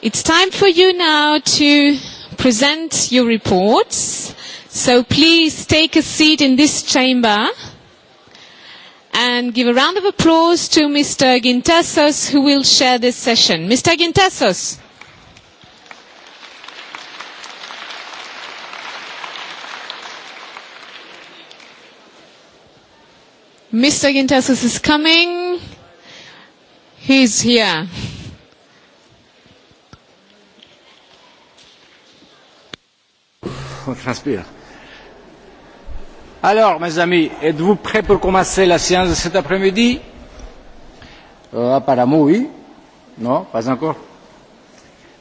It's time for you now to present your reports. So please take a seat in this chamber and give a round of applause to Mr. Gintasos who will share this session. Mr. Gintasos. Mr. Gintasos is coming. He's here. Alors, mes amis, êtes-vous prêts pour commencer la séance de cet après-midi euh, Apparemment, oui. Non, pas encore.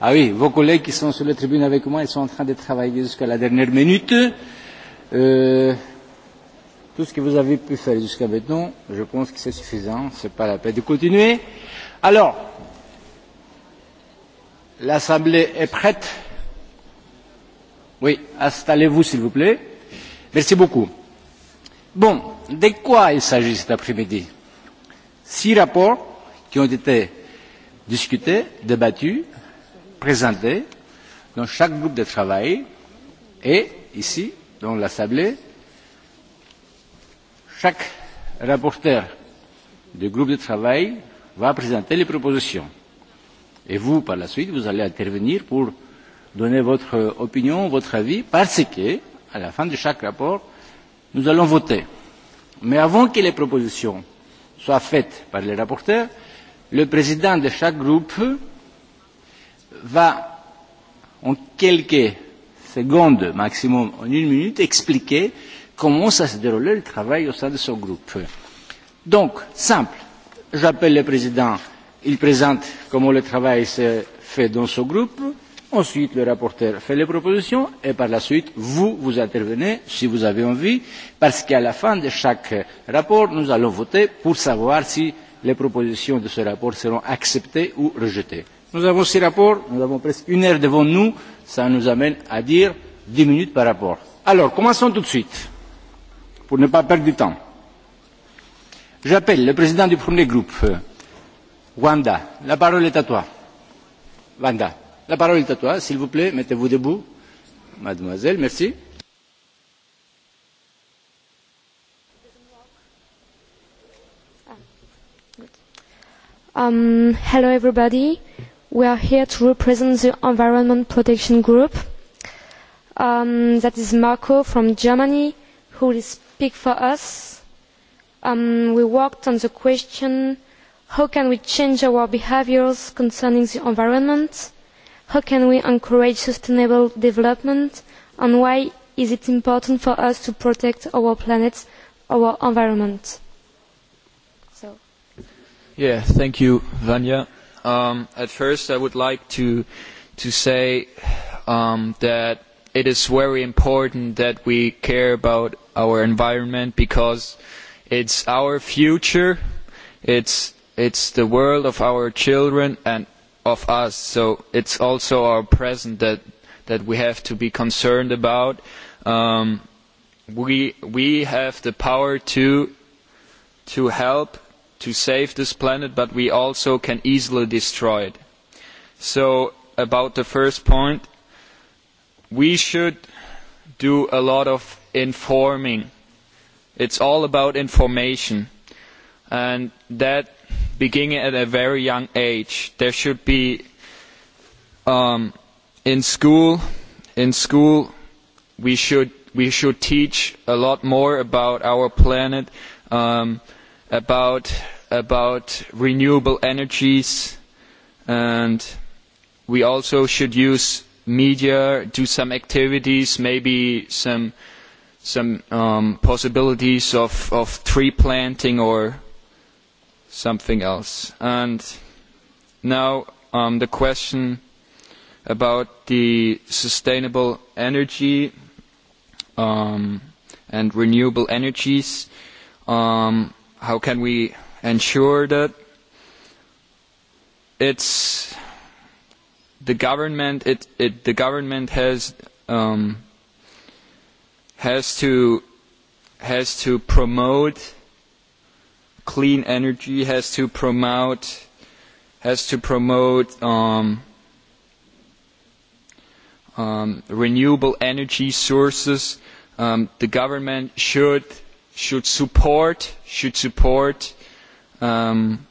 Ah oui, vos collègues qui sont sur la tribune avec moi, ils sont en train de travailler jusqu'à la dernière minute. Euh, tout ce que vous avez pu faire jusqu'à maintenant, je pense que c'est suffisant. Ce n'est pas la peine de continuer. Alors, l'Assemblée est prête Oui, installez-vous s'il vous plaît. Merci beaucoup. Bon, de quoi il s'agit cet après-midi Six rapports qui ont été discutés, débattus, présentés dans chaque groupe de travail et ici, dans l'Assemblée, chaque rapporteur du groupe de travail va présenter les propositions. Et vous, par la suite, vous allez intervenir pour donner votre opinion, votre avis, parce que, à la fin de chaque rapport, nous allons voter. Mais avant que les propositions soient faites par les rapporteurs, le président de chaque groupe va, en quelques secondes maximum, en une minute, expliquer comment ça se déroulait le travail au sein de son groupe. Donc, simple, j'appelle le président, il présente comment le travail s'est fait dans son groupe, Ensuite, le rapporteur fait les propositions et par la suite, vous, vous intervenez si vous avez envie, parce qu'à la fin de chaque rapport, nous allons voter pour savoir si les propositions de ce rapport seront acceptées ou rejetées. Nous avons six rapports, nous avons presque une heure devant nous, ça nous amène à dire dix minutes par rapport. Alors, commençons tout de suite, pour ne pas perdre du temps. J'appelle le président du premier groupe, Wanda. La parole est à toi. Wanda La parole est à toi, s'il vous plaît, mettez-vous debout. Mademoiselle, merci. Um, hello everybody. We are here to represent the Environment Protection Group. Um, that is Marco from Germany who will speak for us. Um, we worked on the question how can we change our behaviours concerning the environment how can we encourage sustainable development and why is it important for us to protect our planet, our environment? So. Yeah, thank you, Vanya. Um, at first, I would like to to say um, that it is very important that we care about our environment because it's our future, it's it's the world of our children, and of us. So it's also our present that that we have to be concerned about. Um, we we have the power to to help to save this planet, but we also can easily destroy it. So about the first point, we should do a lot of informing. It's all about information, and that beginning at a very young age. There should be um, in school. In school, we should we should teach a lot more about our planet, um, about about renewable energies, and we also should use media, do some activities, maybe some some um, possibilities of of tree planting or something else. And now um, the question about the sustainable energy um, and renewable energies. Um, how can we ensure that? It's the government. It, it the government has um, has to has to promote clean energy has to promote has to promote um, um, renewable energy sources. Um, the government should should support should support um,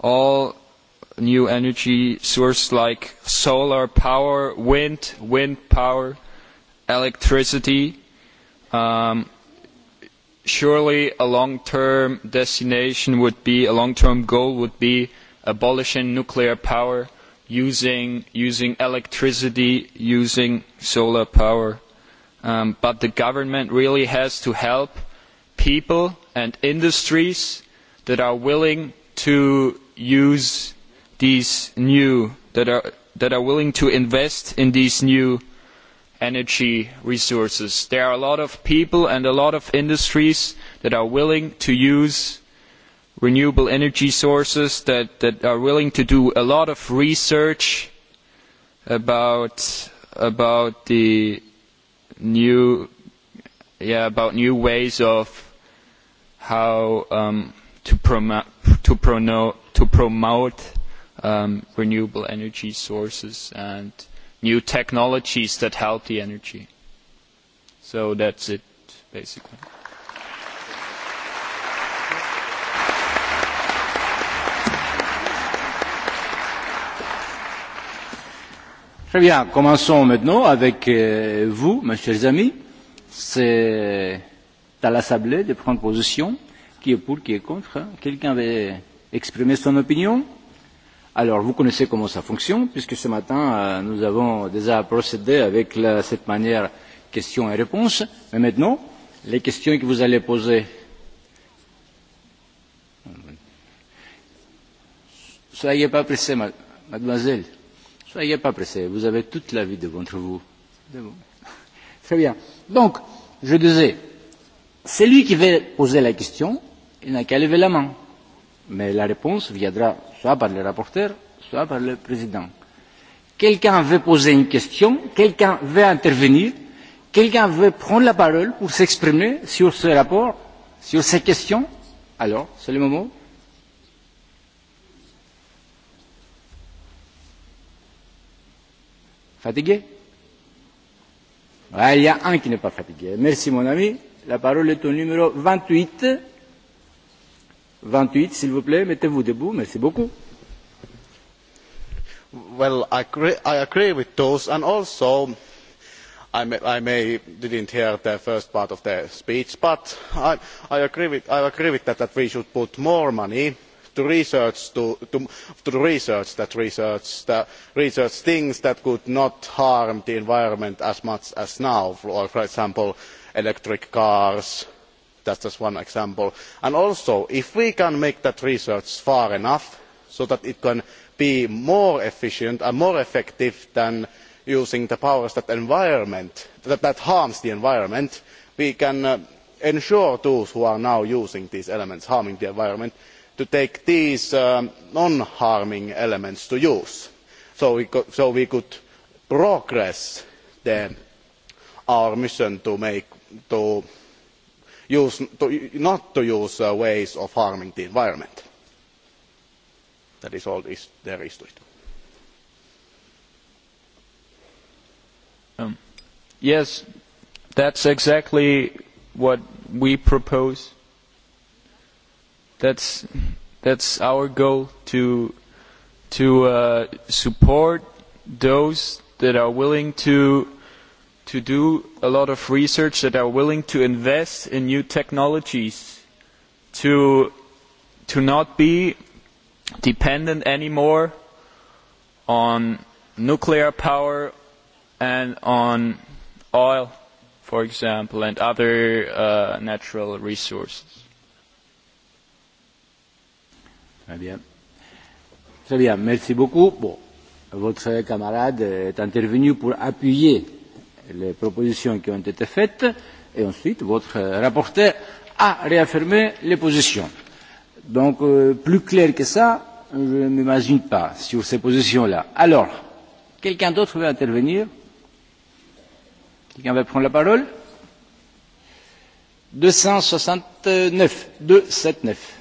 all new energy sources like solar power, wind, wind power, electricity. Um, surely a long-term destination would be, a long-term goal would be abolishing nuclear power, using, using electricity, using solar power. but the government really has to help people and industries that are willing to use these new, that are, that are willing to invest in these new energy resources. There are a lot of people and a lot of industries that are willing to use renewable energy sources, that, that are willing to do a lot of research about, about the new, yeah, about new ways of how um, to, promo to, prono to promote um, renewable energy sources and new technologies that help the energy. So that's it, basically. Très bien, commençons maintenant avec vous, mes chers amis. C'est à l'Assemblée de prendre position qui est pour, qui est contre. Quelqu'un veut exprimer son opinion Alors, vous connaissez comment ça fonctionne, puisque ce matin, nous avons déjà procédé avec cette manière questions et réponses. Mais maintenant, les questions que vous allez poser Soyez pas pressé, mademoiselle. Soyez pas pressé. Vous avez toute la vie devant vous. Très bien. Donc, je disais, celui qui veut poser la question, il n'a qu'à lever la main mais la réponse viendra soit par le rapporteur, soit par le président. Quelqu'un veut poser une question, quelqu'un veut intervenir, quelqu'un veut prendre la parole pour s'exprimer sur ce rapport, sur ces questions. Alors, c'est le moment. Fatigué Il y a un qui n'est pas fatigué. Merci mon ami. La parole est au numéro 28. 28, s'il vous plaît, mettez-vous debout. Merci beaucoup. Well, I agree, I agree with those, and also I may, I may didn't hear the first part of the speech, but I, I agree with I agree with that that we should put more money to research to, to, to research that research the research things that could not harm the environment as much as now, for example, electric cars, that is just one example. also if we can make that research far enough so that it can be more efficient and more effective than using the powers that harm the environment we can ensure those who are now using these elements harming the environment to take these non harming elements to use so we could progress our mission to not to use ways of harming the environment. that is all there is to it. yes that is exactly what we propose. that is our goal to support those that are willing to to do a lot of research that are willing to invest in new technologies to to not be dependent anymore on nuclear power and on oil, for example, and other uh, natural resources. Très bien. Très bien, merci beaucoup. Bon, votre camarade est intervenu pour appuyer les propositions qui ont été faites et ensuite votre rapporteur a réaffirmé les positions. Donc plus clair que ça, je ne m'imagine pas sur ces positions-là. Alors, quelqu'un d'autre veut intervenir Quelqu'un veut prendre la parole 269, 279.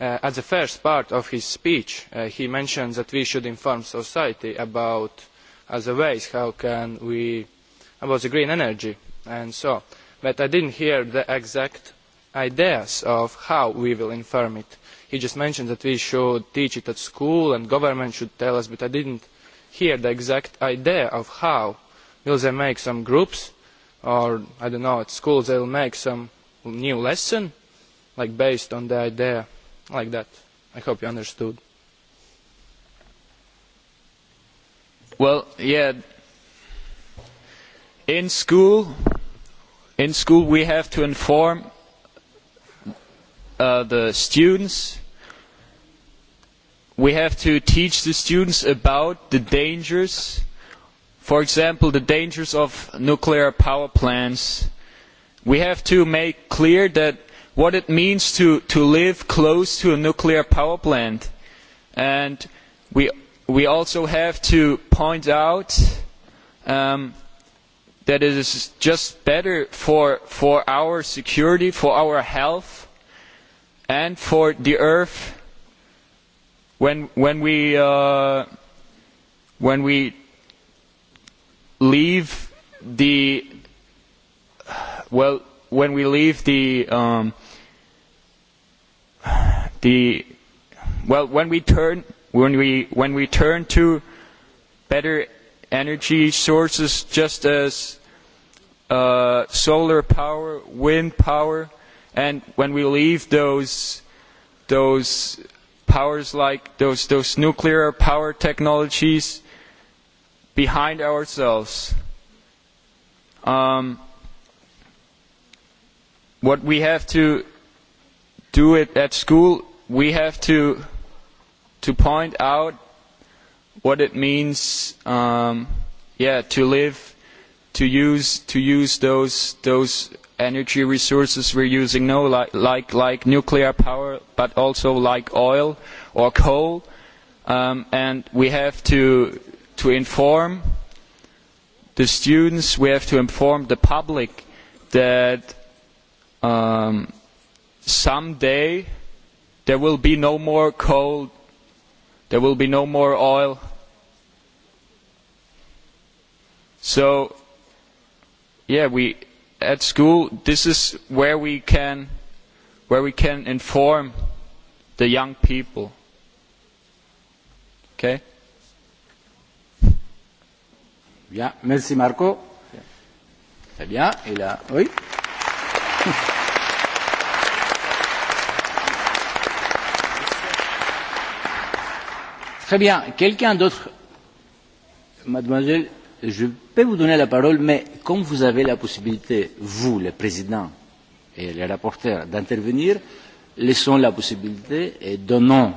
at the first part of his speech, he mentioned that we should inform society about other ways, how can we, about the green energy and so. But I didn't hear the exact ideas of how we will inform it. He just mentioned that we should teach it at school and government should tell us, but I did not hear the exact idea of how. Will they make some groups or, I don't know, at school they will make some new lesson like based on the idea like that. I hope you understood. Well, yeah. In school, in school we have to inform uh, the students. We have to teach the students about the dangers. For example, the dangers of nuclear power plants. We have to make clear that what it means to, to live close to a nuclear power plant. And we, we also have to point out um, that it is just better for, for our security, for our health, and for the earth when, when, we, uh, when we leave the, well, when we leave the, um, the well when we turn when we when we turn to better energy sources just as uh, solar power, wind power, and when we leave those those powers like those those nuclear power technologies behind ourselves. Um, what we have to do it at school, we have to to point out what it means. Um, yeah, to live, to use to use those those energy resources we're using now, like like like nuclear power, but also like oil or coal, um, and we have to to inform the students. We have to inform the public that. Um, someday there will be no more coal, there will be no more oil. So, yeah, we at school this is where we can where we can inform the young people. Okay. Yeah. merci Marco. Très bien, Et là, oui. Très bien. Quelqu'un d'autre Mademoiselle, je peux vous donner la parole, mais comme vous avez la possibilité, vous, le président et les rapporteurs, d'intervenir, laissons la possibilité et donnons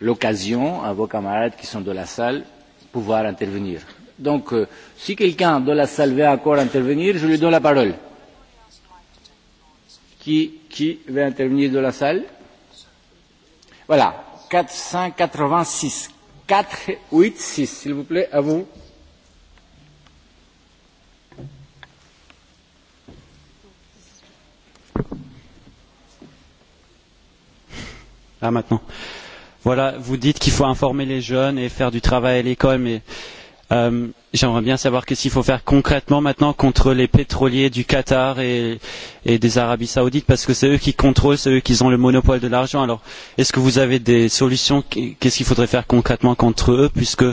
l'occasion à vos camarades qui sont dans la salle de pouvoir intervenir. Donc, si quelqu'un dans la salle veut encore intervenir, je lui donne la parole. Qui, qui veut intervenir dans la salle Voilà, quatre cent quatre-vingt-six. Quatre, huit, six, s'il vous plaît, à vous. Ah, maintenant. Voilà, vous dites qu'il faut informer les jeunes et faire du travail à l'école, mais J'aimerais bien savoir qu'est-ce qu'il faut faire concrètement maintenant contre les pétroliers du Qatar et, et des Arabies Saoudites, parce que c'est eux qui contrôlent, c'est eux qui ont le monopole de l'argent. Alors, est-ce que vous avez des solutions Qu'est-ce qu'il faudrait faire concrètement contre eux, puisque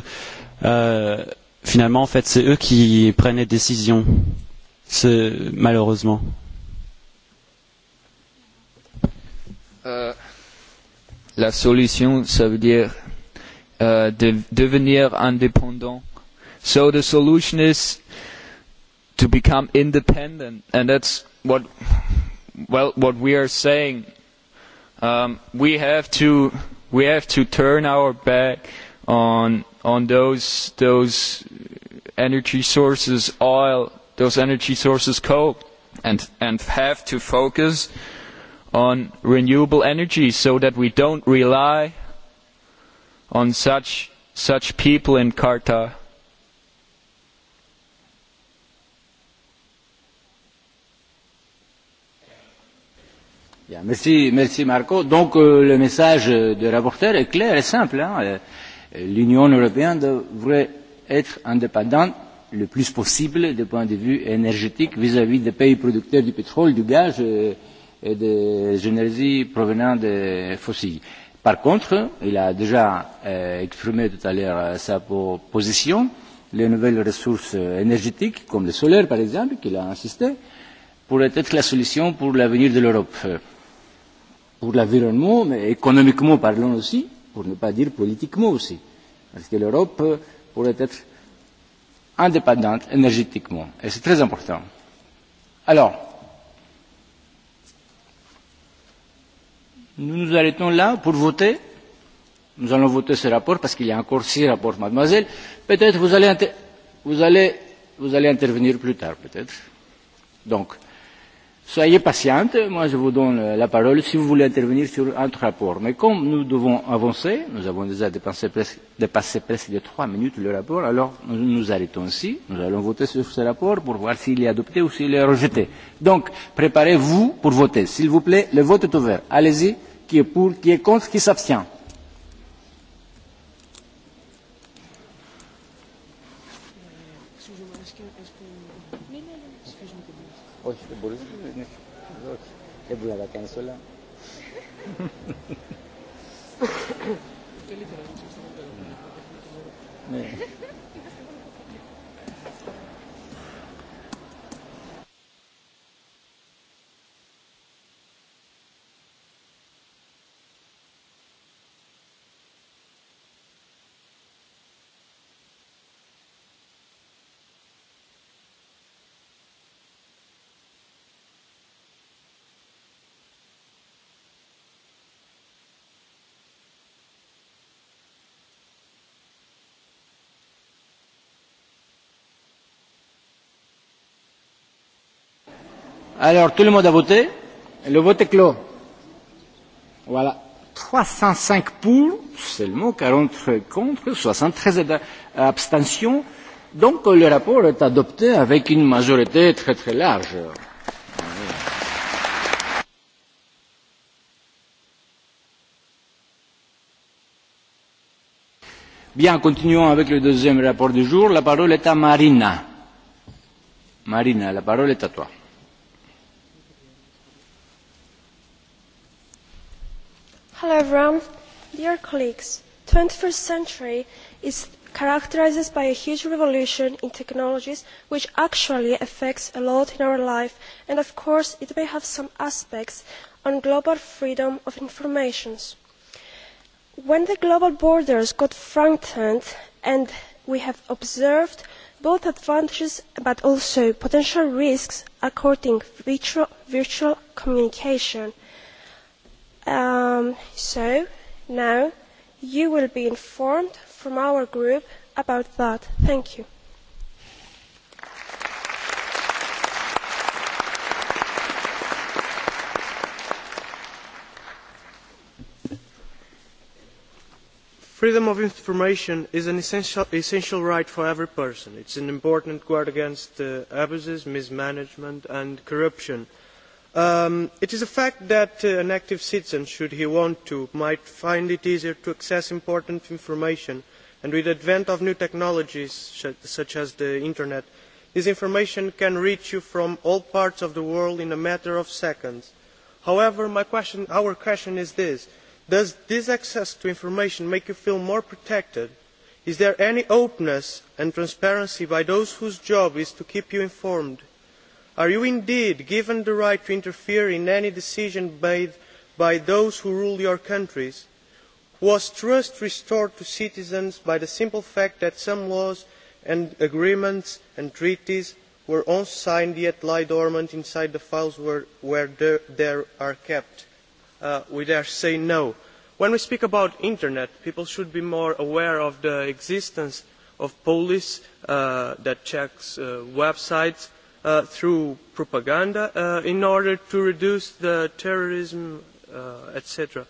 euh, finalement, en fait, c'est eux qui prennent les décisions, malheureusement. la solution, ça veut dire euh, de devenir indépendant So the solution is to become independent, and that's what well what we are saying. Um, we have to we have to turn our back on on those those energy sources, oil, those energy sources, coal, and and have to focus on renewable energy so that we don't rely on such such people in Qatar merci, Marco. Donc le message du rapporteur est clair et simple. L'Union européenne devrait être indépendante le plus possible du point de vue énergétique vis-à-vis des pays producteurs du pétrole, du gaz et des énergies provenant des fossiles. Par contre, il a déjà exprimé tout à l'heure sa position, les nouvelles ressources énergétiques, comme le solaire par exemple, qu'il a insisté, pourraient être la solution pour l'avenir de l'Europe pour l'environnement, mais économiquement parlant aussi, pour ne pas dire politiquement aussi, parce que l'Europe pourrait être indépendante énergétiquement, et c'est très important. Alors, nous nous arrêtons là pour voter. Nous allons voter ce rapport parce qu'il y a encore six rapports, mademoiselle. Peut-être vous allez, vous allez, vous allez intervenir plus tard, peut-être. Donc, Soyez patiente, moi je vous donne la parole si vous voulez intervenir sur un rapport. Mais comme nous devons avancer, nous avons déjà dépassé presque, dépassé presque de trois minutes le rapport, alors nous nous arrêtons ici, nous allons voter sur ce rapport pour voir s'il est adopté ou s'il est rejeté. Donc, préparez-vous pour voter. S'il vous plaît, le vote est ouvert. Allez-y, qui est pour, qui est contre, qui s'abstient Ebuna da cancela. Ne. Alors, tout le monde a voté Le vote est clos. Voilà. 305 pour, seulement 40 contre, 73 abstentions. Donc, le rapport est adopté avec une majorité très très large. Bien, continuons avec le deuxième rapport du jour. La parole est à Marina. Marina, la parole est à toi. Hello everyone. Dear colleagues, 21st century is characterized by a huge revolution in technologies which actually affects a lot in our life and of course it may have some aspects on global freedom of information. When the global borders got strengthened and we have observed both advantages but also potential risks according to virtual communication Um, so now you will be informed from our group about that. Thank you. Freedom of information is an essential, right for every person. It is an important guard against abuses, mismanagement and corruption it is a fact that an active citizen should he want to might find it easier to access important information and with the advent of new technologies such as the internet this information can reach you from all parts of the world in a matter of seconds. however our question is this does this access to information make you feel more protected? is there any openness and transparency by those whose job is to keep you informed? are you indeed given the right to interfere in any decision made by those who rule your countries? was trust restored to citizens by the simple fact that some laws and agreements and treaties were once signed yet lie dormant inside the files where they are kept? we dare say no. when we speak about the internet people should be more aware of the existence of police that checks websites through propaganda in order to reduce terrorism, etc.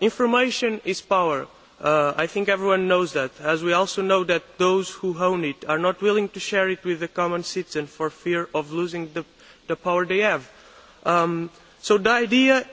information is power. I think everyone knows that, as we also know that those who own it are not willing to share it with the common citizen for fear of losing the, power they have. so the idea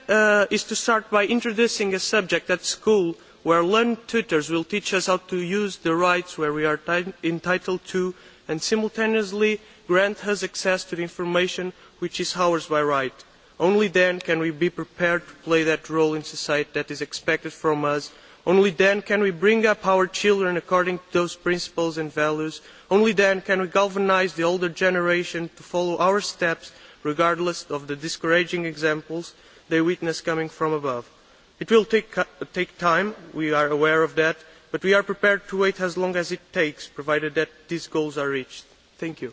is to start by introducing a subject at school where learned tutors will teach us how to use the rights where we are entitled to and simultaneously grant us access to the information which is ours by right. only then can we be prepared to play that role in society that is expected from us. only then can we bring up our children according to those principles and values. only then can we galvanise the older generation to follow our steps regardless of the discouraging examples they witness coming from above. it will take time we are aware of that but we are prepared to wait as long as it takes provided that these goals are reached. thank you.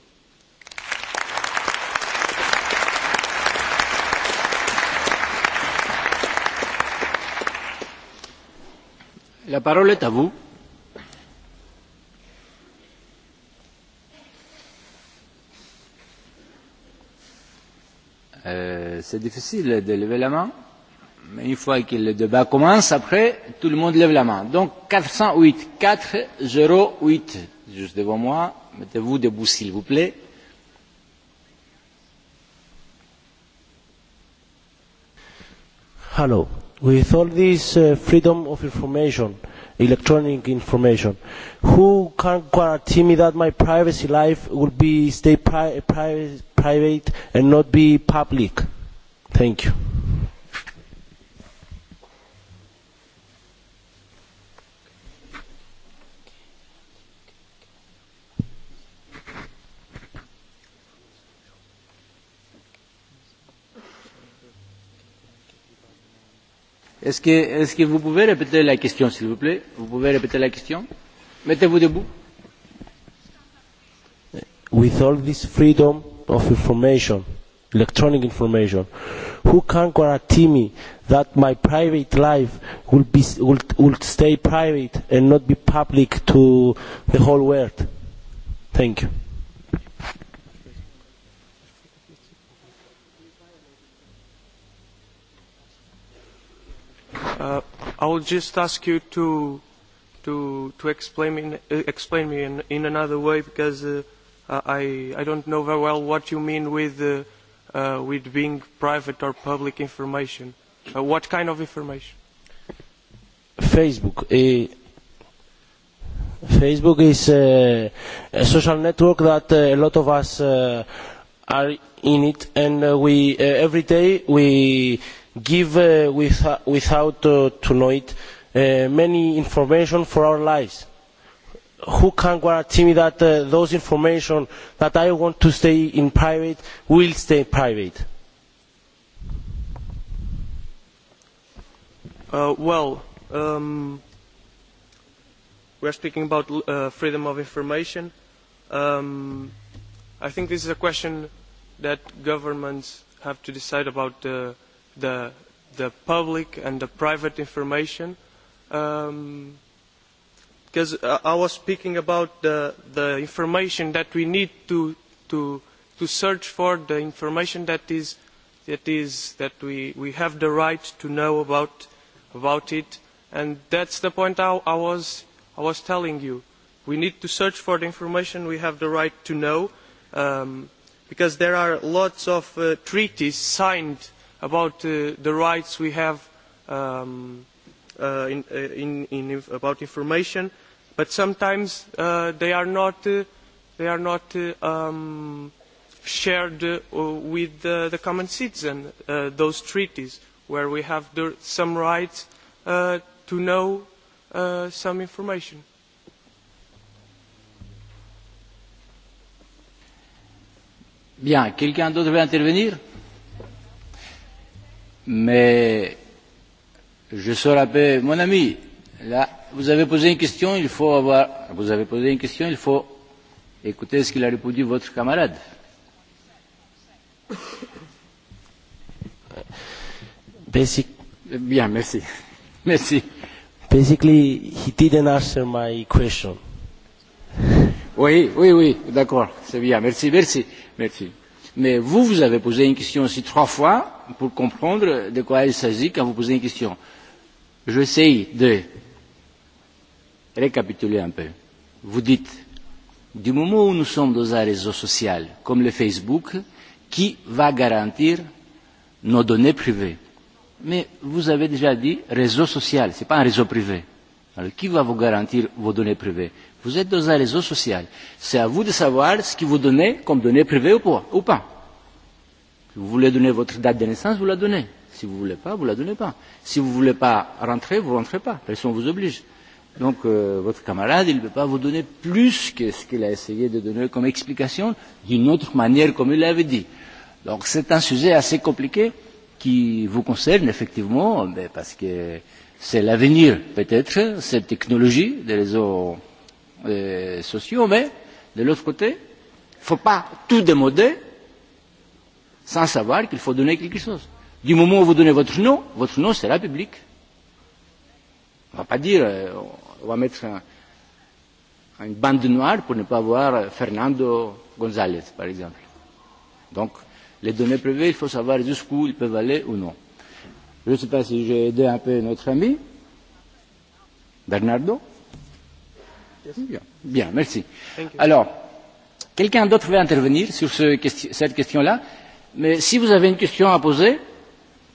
La parole est à vous. c'est difficile de lever la main, mais une fois que le débat commence, après, tout le monde lève la main. Donc 408, 408, juste devant moi, mettez-vous debout s'il vous plaît with all this uh, freedom of information, electronic information, who can guarantee me that my privacy life will be stay pri- pri- private and not be public? Thank you. Est-ce que, est que vous pouvez répéter la question, s'il vous plaît Vous pouvez répéter la question Mettez-vous debout. With all this freedom of information, electronic information, who can guarantee me that my private life will, be, will, will stay private and not be public to the whole world? Thank you. Uh, I will just ask you to to to explain in, uh, explain me in, in another way because uh, I I don't know very well what you mean with uh, uh, with being private or public information. Uh, what kind of information? Facebook. Uh, Facebook is uh, a social network that uh, a lot of us uh, are in it, and uh, we uh, every day we give without knowing it much information for our lives. Who can guarantee me that those information that I want to stay in private will stay private? well, we are speaking about freedom of information. I think this is a question that governments have to decide about the, the public and the private information. because um, I was speaking about the, the information that we need to, to, to search for, the information that is that is that we, we have the right to know about, about it. And that's the point I, I, was, I was telling you. We need to search for the information we have the right to know um, because there are lots of uh, treaties signed about the rights we have in in uh about information, but sometimes they are not they are not shared with the common citizen. those treaties where we have some rights to know some information. Bien, quelqu'un d'autre veut intervenir? Mais je serai un peu mon ami. Là, vous avez posé une question, il faut avoir. Vous avez posé une question, il faut écouter ce qu'il a répondu votre camarade. Basic. Bien, merci. Merci. Basically, he didn't answer my question. Oui, oui, oui, d'accord, c'est bien, merci, merci, merci. Mais vous, vous avez posé une question aussi trois fois pour comprendre de quoi il s'agit quand vous posez une question. J'essaye de récapituler un peu. Vous dites, du moment où nous sommes dans un réseau social comme le Facebook, qui va garantir nos données privées Mais vous avez déjà dit réseau social, ce n'est pas un réseau privé. Alors qui va vous garantir vos données privées Vous êtes dans un réseau social. C'est à vous de savoir ce que vous donnez comme données privées ou pas. Si vous voulez donner votre date de naissance, vous la donnez. Si vous ne voulez pas, vous ne la donnez pas. Si vous ne voulez pas rentrer, vous ne rentrez pas. Personne ne vous oblige. Donc euh, votre camarade, il ne peut pas vous donner plus que ce qu'il a essayé de donner comme explication d'une autre manière comme il l'avait dit. Donc c'est un sujet assez compliqué qui vous concerne effectivement, mais parce que c'est l'avenir peut-être, cette technologie des réseaux euh, sociaux, mais de l'autre côté, il ne faut pas tout démoder sans savoir qu'il faut donner quelque chose. Du moment où vous donnez votre nom, votre nom sera public. On ne va pas dire, on va mettre un, une bande noire pour ne pas voir Fernando González, par exemple. Donc, les données privées, il faut savoir jusqu'où ils peuvent aller ou non. Je ne sais pas si j'ai aidé un peu notre ami Bernardo. Bien, merci. Alors, quelqu'un d'autre veut intervenir sur ce, cette question-là Mais si vous avez une question à poser,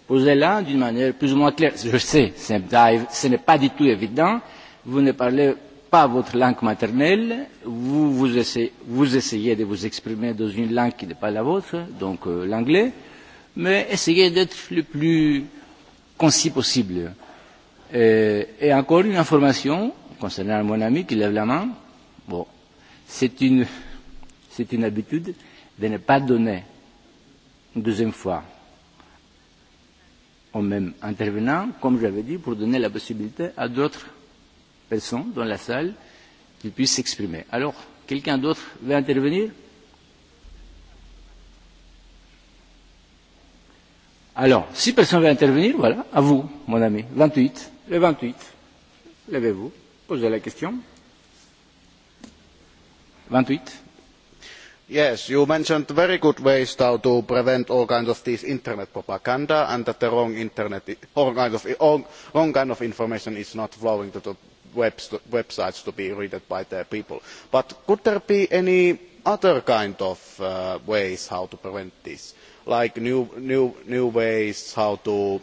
posez-la d'une manière plus ou moins claire. Je sais, ce n'est pas du tout évident. Vous ne parlez pas votre langue maternelle. Vous, vous, essayez, vous essayez de vous exprimer dans une langue qui n'est pas la vôtre, donc euh, l'anglais. Mais essayez d'être le plus concis possible. Et, et encore une information, concernant mon ami qui lève la main, bon, c'est une, c'est une habitude de ne pas donner une deuxième fois au même intervenant, comme j'avais dit, pour donner la possibilité à d'autres personnes dans la salle qu'ils puissent s'exprimer. Alors, quelqu'un d'autre veut intervenir Alors, si personne veut intervenir, voilà, à vous, mon ami. 28, le 28, levez-vous la question. Yes, you mentioned very good ways how to prevent all kinds of this internet propaganda and that the wrong internet, all kind of, wrong kind of information is not flowing to the websites to be read by the people. But could there be any other kind of ways how to prevent this? Like new, new, new ways how to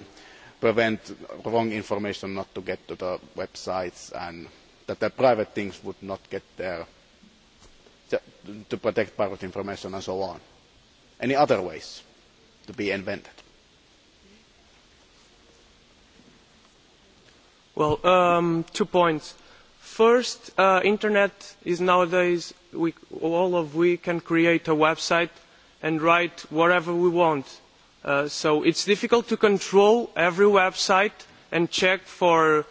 prevent wrong information not to get to the websites and that the private things would not get there to protect private information and so on. Any other ways to be invented? Well, um, two points. First, uh, internet is nowadays we, all of we can create a website and write whatever we want so it is difficult to control every website and check for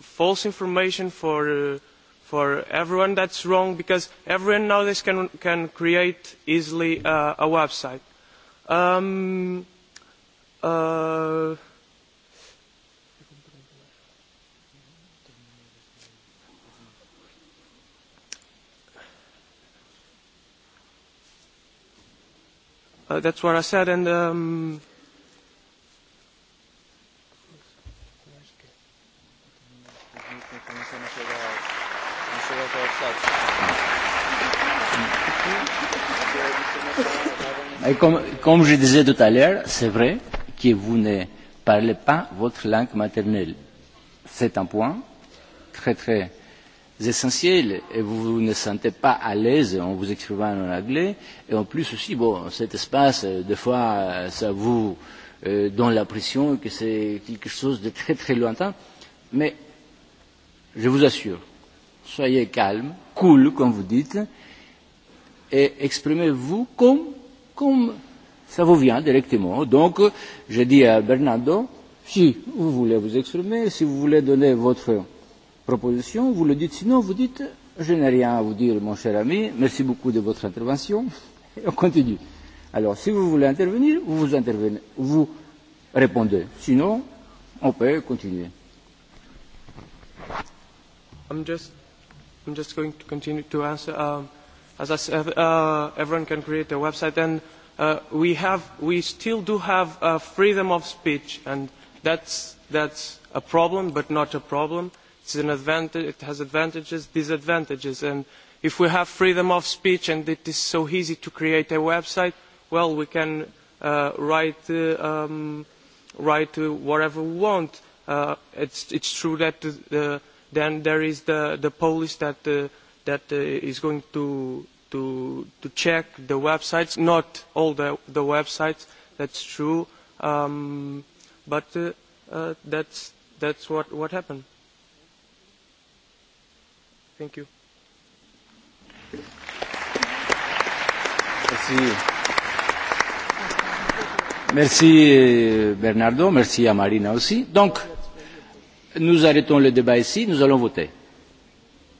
false information for for everyone that's wrong because everyone nowadays can can create easily a website. Uh, that's what I said. And um, Et comme, comme je disais tout à l'heure, c'est vrai que vous ne parlez pas votre langue maternelle. C'est un point très très essentiels et vous ne sentez pas à l'aise en vous exprimant en anglais. Et en plus aussi, bon, cet espace, des fois, ça vous donne l'impression que c'est quelque chose de très très lointain. Mais je vous assure, soyez calme, cool comme vous dites, et exprimez-vous comme, comme ça vous vient directement. Donc, je dis à Bernardo, si vous voulez vous exprimer, si vous voulez donner votre proposition, vous le dites. Sinon, vous dites, je n'ai rien à vous dire, mon cher ami. Merci beaucoup de votre intervention. Et on continue. Alors, si vous voulez intervenir, vous, vous intervenez, vous répondez. Sinon, on peut continuer. I'm just, I'm just going to continue to answer. Um, as I said, uh, everyone can create a website, and uh, we have, we still do have uh, freedom of speech, and that's that's a problem, but not a problem It's an advantage, it has advantages, disadvantages, and if we have freedom of speech and it is so easy to create a website, well, we can uh, write, uh, um, write uh, whatever we want. Uh, it's, it's true that uh, then there is the, the police that, uh, that uh, is going to, to, to check the websites, not all the, the websites, that's true, um, but uh, uh, that's, that's what, what happened. Thank you. Merci. Merci Bernardo, merci à Marina aussi. Donc, nous arrêtons le débat ici, nous allons voter.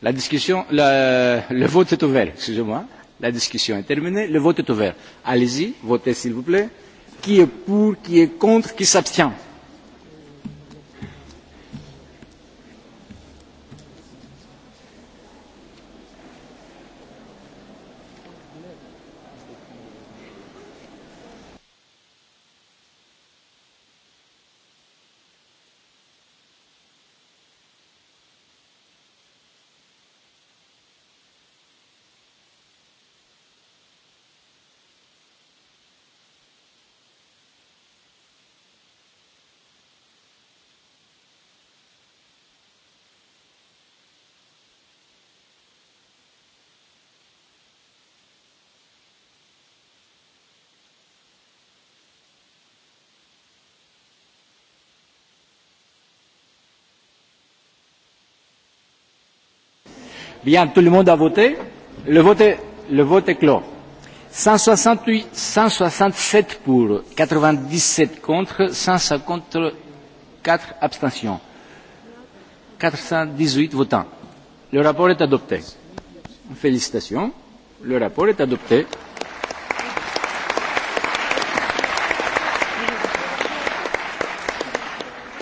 La discussion, le, le vote est ouvert, excusez-moi. La discussion est terminée, le vote est ouvert. Allez-y, votez s'il vous plaît. Qui est pour, qui est contre, qui s'abstient Bien, tout le monde a voté. Le vote est, le vote est clos. 168, 167 pour, 97 contre, 154 abstentions. 418 votants. Le rapport est adopté. Félicitations. Le rapport est adopté.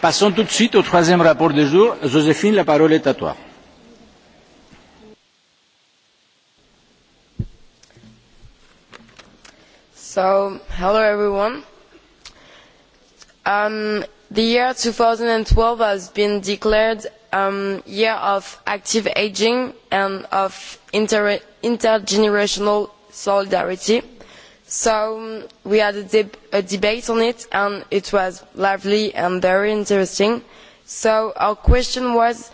Passons tout de suite au troisième rapport du jour. Joséphine, la parole est à toi. So, hello everyone. Um, the year 2012 has been declared um, year of active aging and of inter intergenerational solidarity. So we had a, deb a debate on it and it was lively and very interesting. So our question was,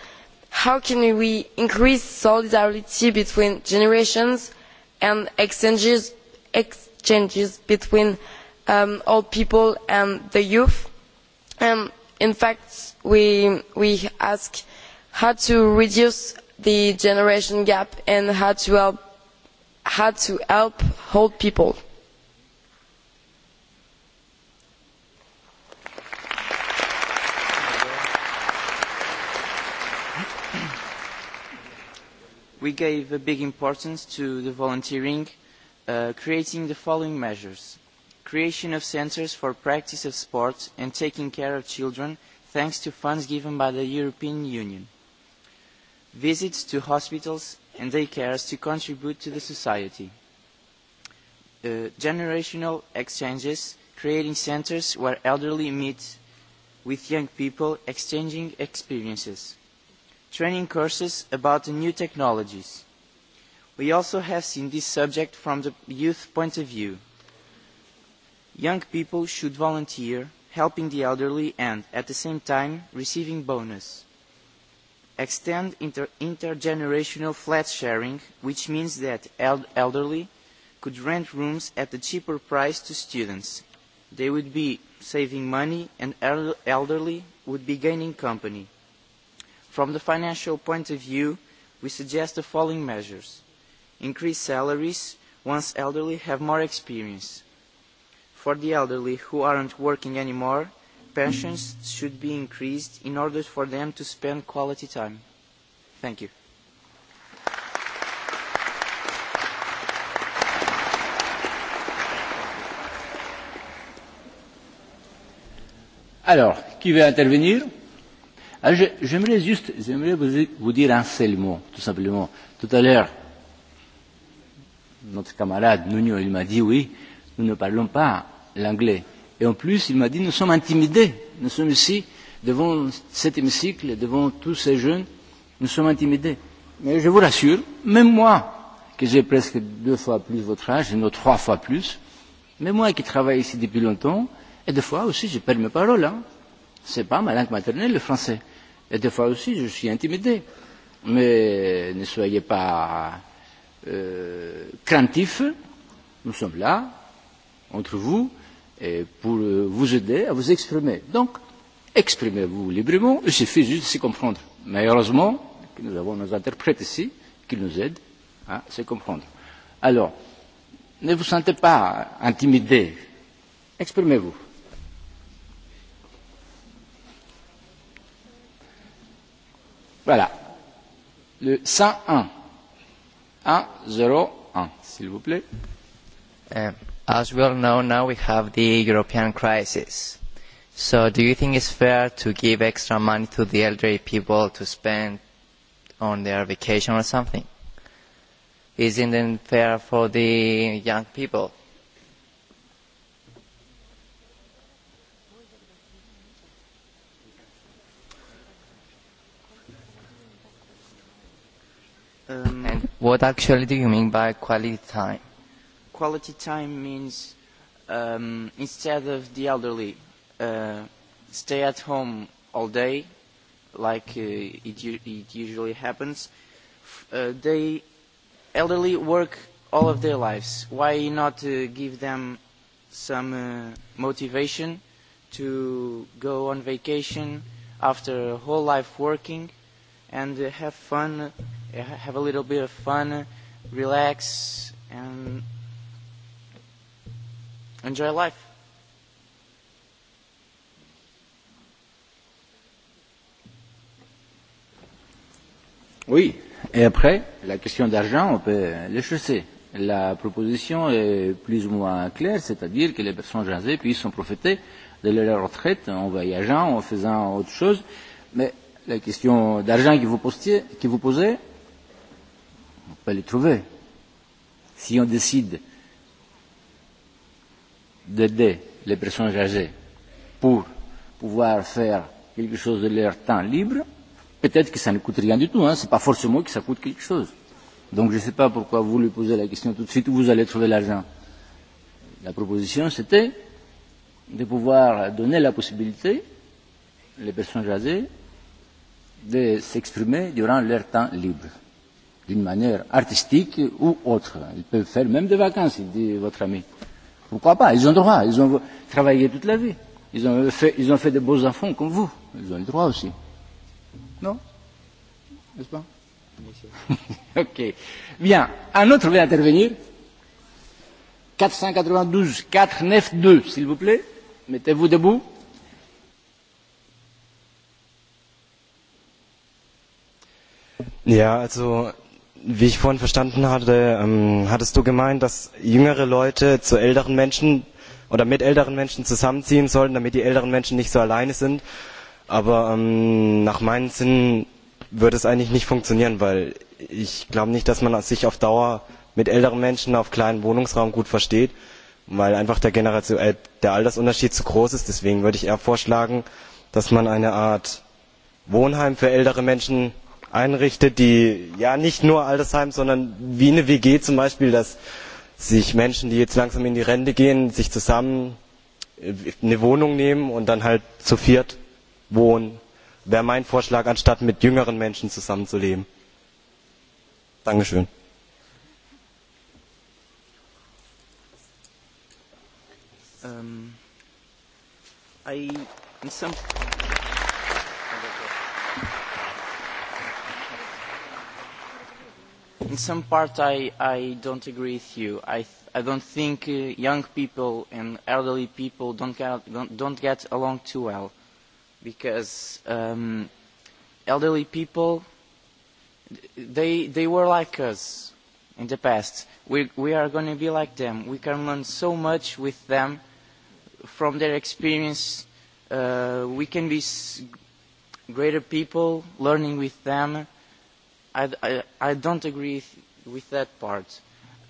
how can we increase solidarity between generations and exchanges, ex exchanges between old people and the youth. in fact, we, we ask how to reduce the generation gap and how to help, how to help old people. We gave a big importance to the volunteering creating the following measures. Creation of centres for practice of sport and taking care of children thanks to funds given by the European Union. Visits to hospitals and daycares to contribute to the society. generational exchanges, creating centres where elderly meet with young people exchanging experiences. Training courses about the new technologies We also have seen this subject from the youth point of view. Young people should volunteer, helping the elderly and, at the same time, receiving bonus. Extend inter intergenerational flat sharing, which means that el elderly could rent rooms at a cheaper price to students. They would be saving money and el elderly would be gaining company. From the financial point of view, we suggest the following measures increase salaries once elderly have more experience. For the elderly who aren't working anymore, pensions should be increased in order for them to spend quality time. Thank you. Alors, qui veut intervenir J'aimerais juste vous, vous dire un seul mot, tout simplement. Tout à l'heure, notre camarade Nuno, il m'a dit oui, nous ne parlons pas l'anglais. Et en plus, il m'a dit nous sommes intimidés. Nous sommes ici, devant cet hémicycle, devant tous ces jeunes, nous sommes intimidés. Mais je vous rassure, même moi, que j'ai presque deux fois plus votre âge, et non trois fois plus, même moi qui travaille ici depuis longtemps, et des fois aussi, je perds mes paroles. Hein. Ce n'est pas ma langue maternelle, le français. Et des fois aussi, je suis intimidé. Mais ne soyez pas craintifs, nous sommes là, entre vous, et pour vous aider à vous exprimer. Donc, exprimez-vous librement, il suffit juste de se comprendre. Mais heureusement que nous avons nos interprètes ici qui nous aident à se comprendre. Alors, ne vous sentez pas intimidé, exprimez-vous. Voilà. Le 101. 101, s'il vous plaît. As we all know, now we have the European crisis. So do you think it's fair to give extra money to the elderly people to spend on their vacation or something? Isn't it fair for the young people? What actually do you mean by quality time? Quality time means um, instead of the elderly uh, stay at home all day, like uh, it, it usually happens, uh, they elderly work all of their lives. Why not uh, give them some uh, motivation to go on vacation after a whole life working and uh, have fun have a little bit of fun, relax, and enjoy life. Oui, et après, la question d'argent, on peut chausser. La proposition est plus ou moins claire, c'est-à-dire que les personnes âgées puissent en profiter de leur retraite en voyageant, en faisant autre chose. Mais la question d'argent que vous posiez, que vous posez pas les trouver. Si on décide d'aider les personnes âgées pour pouvoir faire quelque chose de leur temps libre, peut-être que ça ne coûte rien du tout, hein, ce n'est pas forcément que ça coûte quelque chose. Donc je ne sais pas pourquoi vous lui posez la question tout de suite où vous allez trouver l'argent. La proposition, c'était de pouvoir donner la possibilité aux personnes âgées de s'exprimer durant leur temps libre d'une manière artistique ou autre. Ils peuvent faire même des vacances, dit votre ami. Pourquoi pas Ils ont le droit. Ils ont travaillé toute la vie. Ils ont fait, ils ont fait de beaux enfants comme vous. Ils ont le droit aussi. Non N'est-ce pas Ok. Bien. Un autre veut intervenir. 492, 492, s'il vous plaît. Mettez-vous debout. Ja, also wie ich vorhin verstanden hatte, ähm, hattest du gemeint, dass jüngere Leute zu älteren Menschen oder mit älteren Menschen zusammenziehen sollen, damit die älteren Menschen nicht so alleine sind. Aber ähm, nach meinem Sinn würde es eigentlich nicht funktionieren, weil ich glaube nicht, dass man sich auf Dauer mit älteren Menschen auf kleinem Wohnungsraum gut versteht, weil einfach der, Generation, äh, der Altersunterschied zu groß ist. Deswegen würde ich eher vorschlagen, dass man eine Art Wohnheim für ältere Menschen einrichtet, die ja nicht nur Altersheim, sondern wie eine WG zum Beispiel, dass sich Menschen, die jetzt langsam in die Rente gehen, sich zusammen eine Wohnung nehmen und dann halt zu viert wohnen. Wäre mein Vorschlag, anstatt mit jüngeren Menschen zusammenzuleben. Dankeschön. Um, I, in some in some part I, I don't agree with you. I, th I don't think uh, young people and elderly people don't get, don't, don't get along too well because um, elderly people, they, they were like us in the past. We, we are going to be like them. We can learn so much with them from their experience. Uh, we can be s greater people learning with them I, I, I don't agree with that part.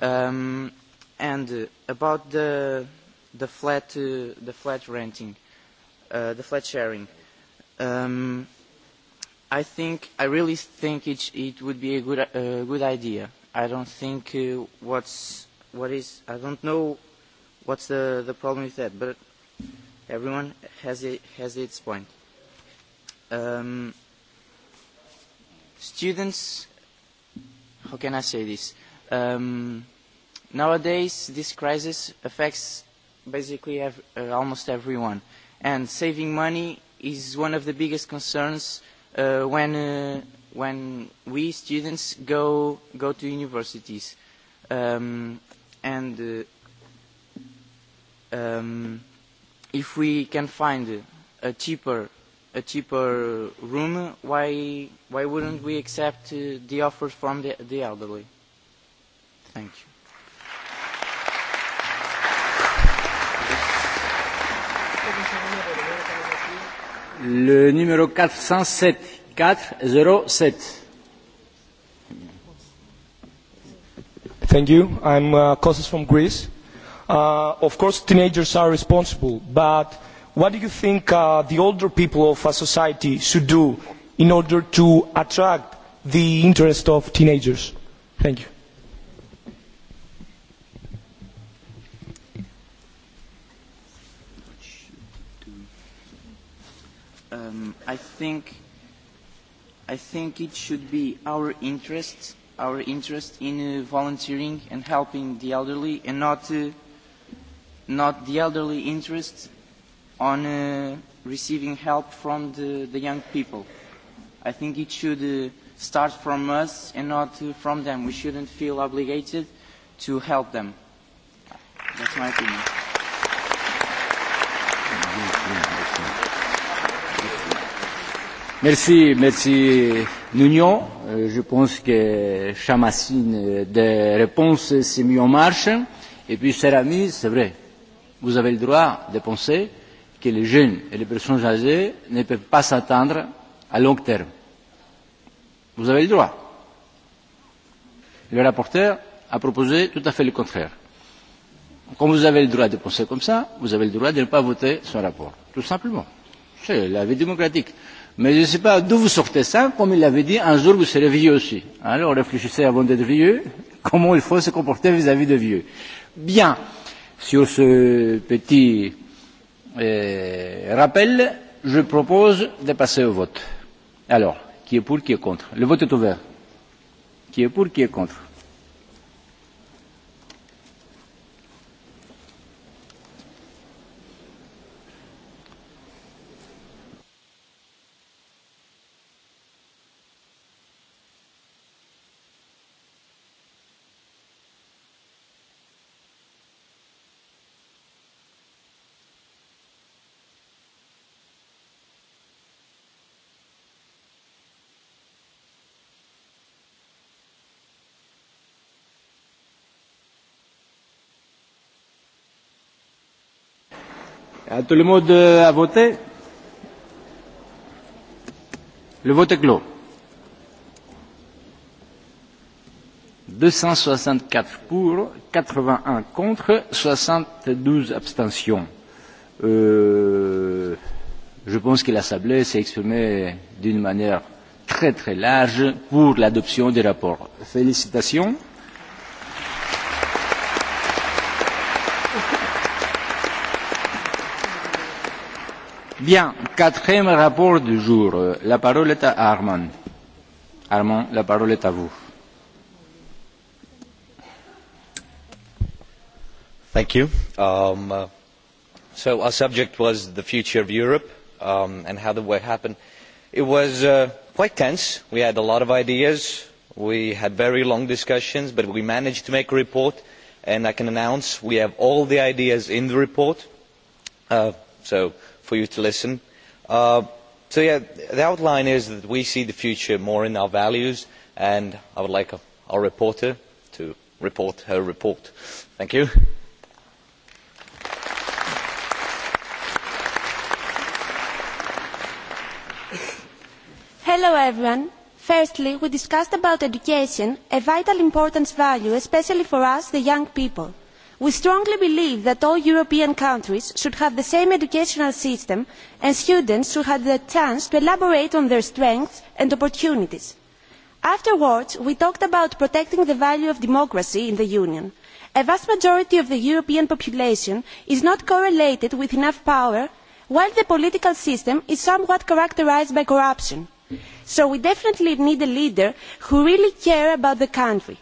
Um, and uh, about the the flat uh, the flat renting, uh, the flat sharing, um, I think I really think it it would be a good uh, good idea. I don't think uh, what's what is I don't know what's the the problem with that, but everyone has it has its point. Um, students, how can I say this? Um, nowadays, this crisis affects basically ev uh, almost everyone. And saving money is one of the biggest concerns uh, when, uh, when we students go, go to universities. Um, and uh, um, if we can find a cheaper a cheaper room, why why wouldn't we accept uh, the offers from the, the elderly? Thank you. Le numéro 407, 407. Thank you. I'm uh, Kostas from Greece. Uh, of course, teenagers are responsible, but what do you think the older people of a society should do in order to attract the interest of teenagers? Thank you. Um, I think I think it should be our interest, our interest in uh, volunteering and helping the elderly, and not uh, not the elderly interest on uh, receiving help from the, the young people. I think it should uh, start from us and not uh, from them. We shouldn't feel obligated to help them. That's my opinion. Merci, merci Nuno. Je pense que Chamassine de réponse s'est mis en marche. Et puis, cher ami, c'est vrai, vous avez le droit de penser que les jeunes et les personnes âgées ne peuvent pas s'attendre à long terme. Vous avez le droit. Le rapporteur a proposé tout à fait le contraire. Quand vous avez le droit de penser comme ça, vous avez le droit de ne pas voter son rapport, tout simplement. C'est la vie démocratique. Mais je ne sais pas d'où vous sortez ça, comme il l'avait dit, un jour vous serez vieux aussi. Alors réfléchissez avant d'être vieux, comment il faut se comporter vis-à-vis -vis de vieux. Bien, sur ce petit rappel, je propose de passer au vote. Alors, qui est pour, qui est contre Le vote est ouvert. Qui est pour, qui est contre Tout le monde a voté Le vote est clos. 264 pour, 81 contre, 72 abstentions. Euh, je pense que l'Assemblée s'est exprimée d'une manière très très large pour l'adoption du rapport. Félicitations. Bien, quatrième rapport du jour. La parole est à Armand. Armand, la parole est à vous. Thank you. Um, uh, so our subject was the future of Europe um, and how the what happened. It was uh, quite tense. We had a lot of ideas. We had very long discussions, but we managed to make a report. And I can announce we have all the ideas in the report. Uh, so for you to listen. the outline is that we see the future more in our values and i would like our rapporteur to report her report. thank you. hello everyone. firstly we discussed about education a vital importance value especially for us the young people we strongly believe that all european countries should have the same educational system and students should have the chance to elaborate on their strengths and opportunities. afterwards we talked about protecting the value of democracy in the union. a vast majority of the european population is not correlated with enough power while the political system is somewhat characterised by corruption. so we definitely need a leader who really cares about the country.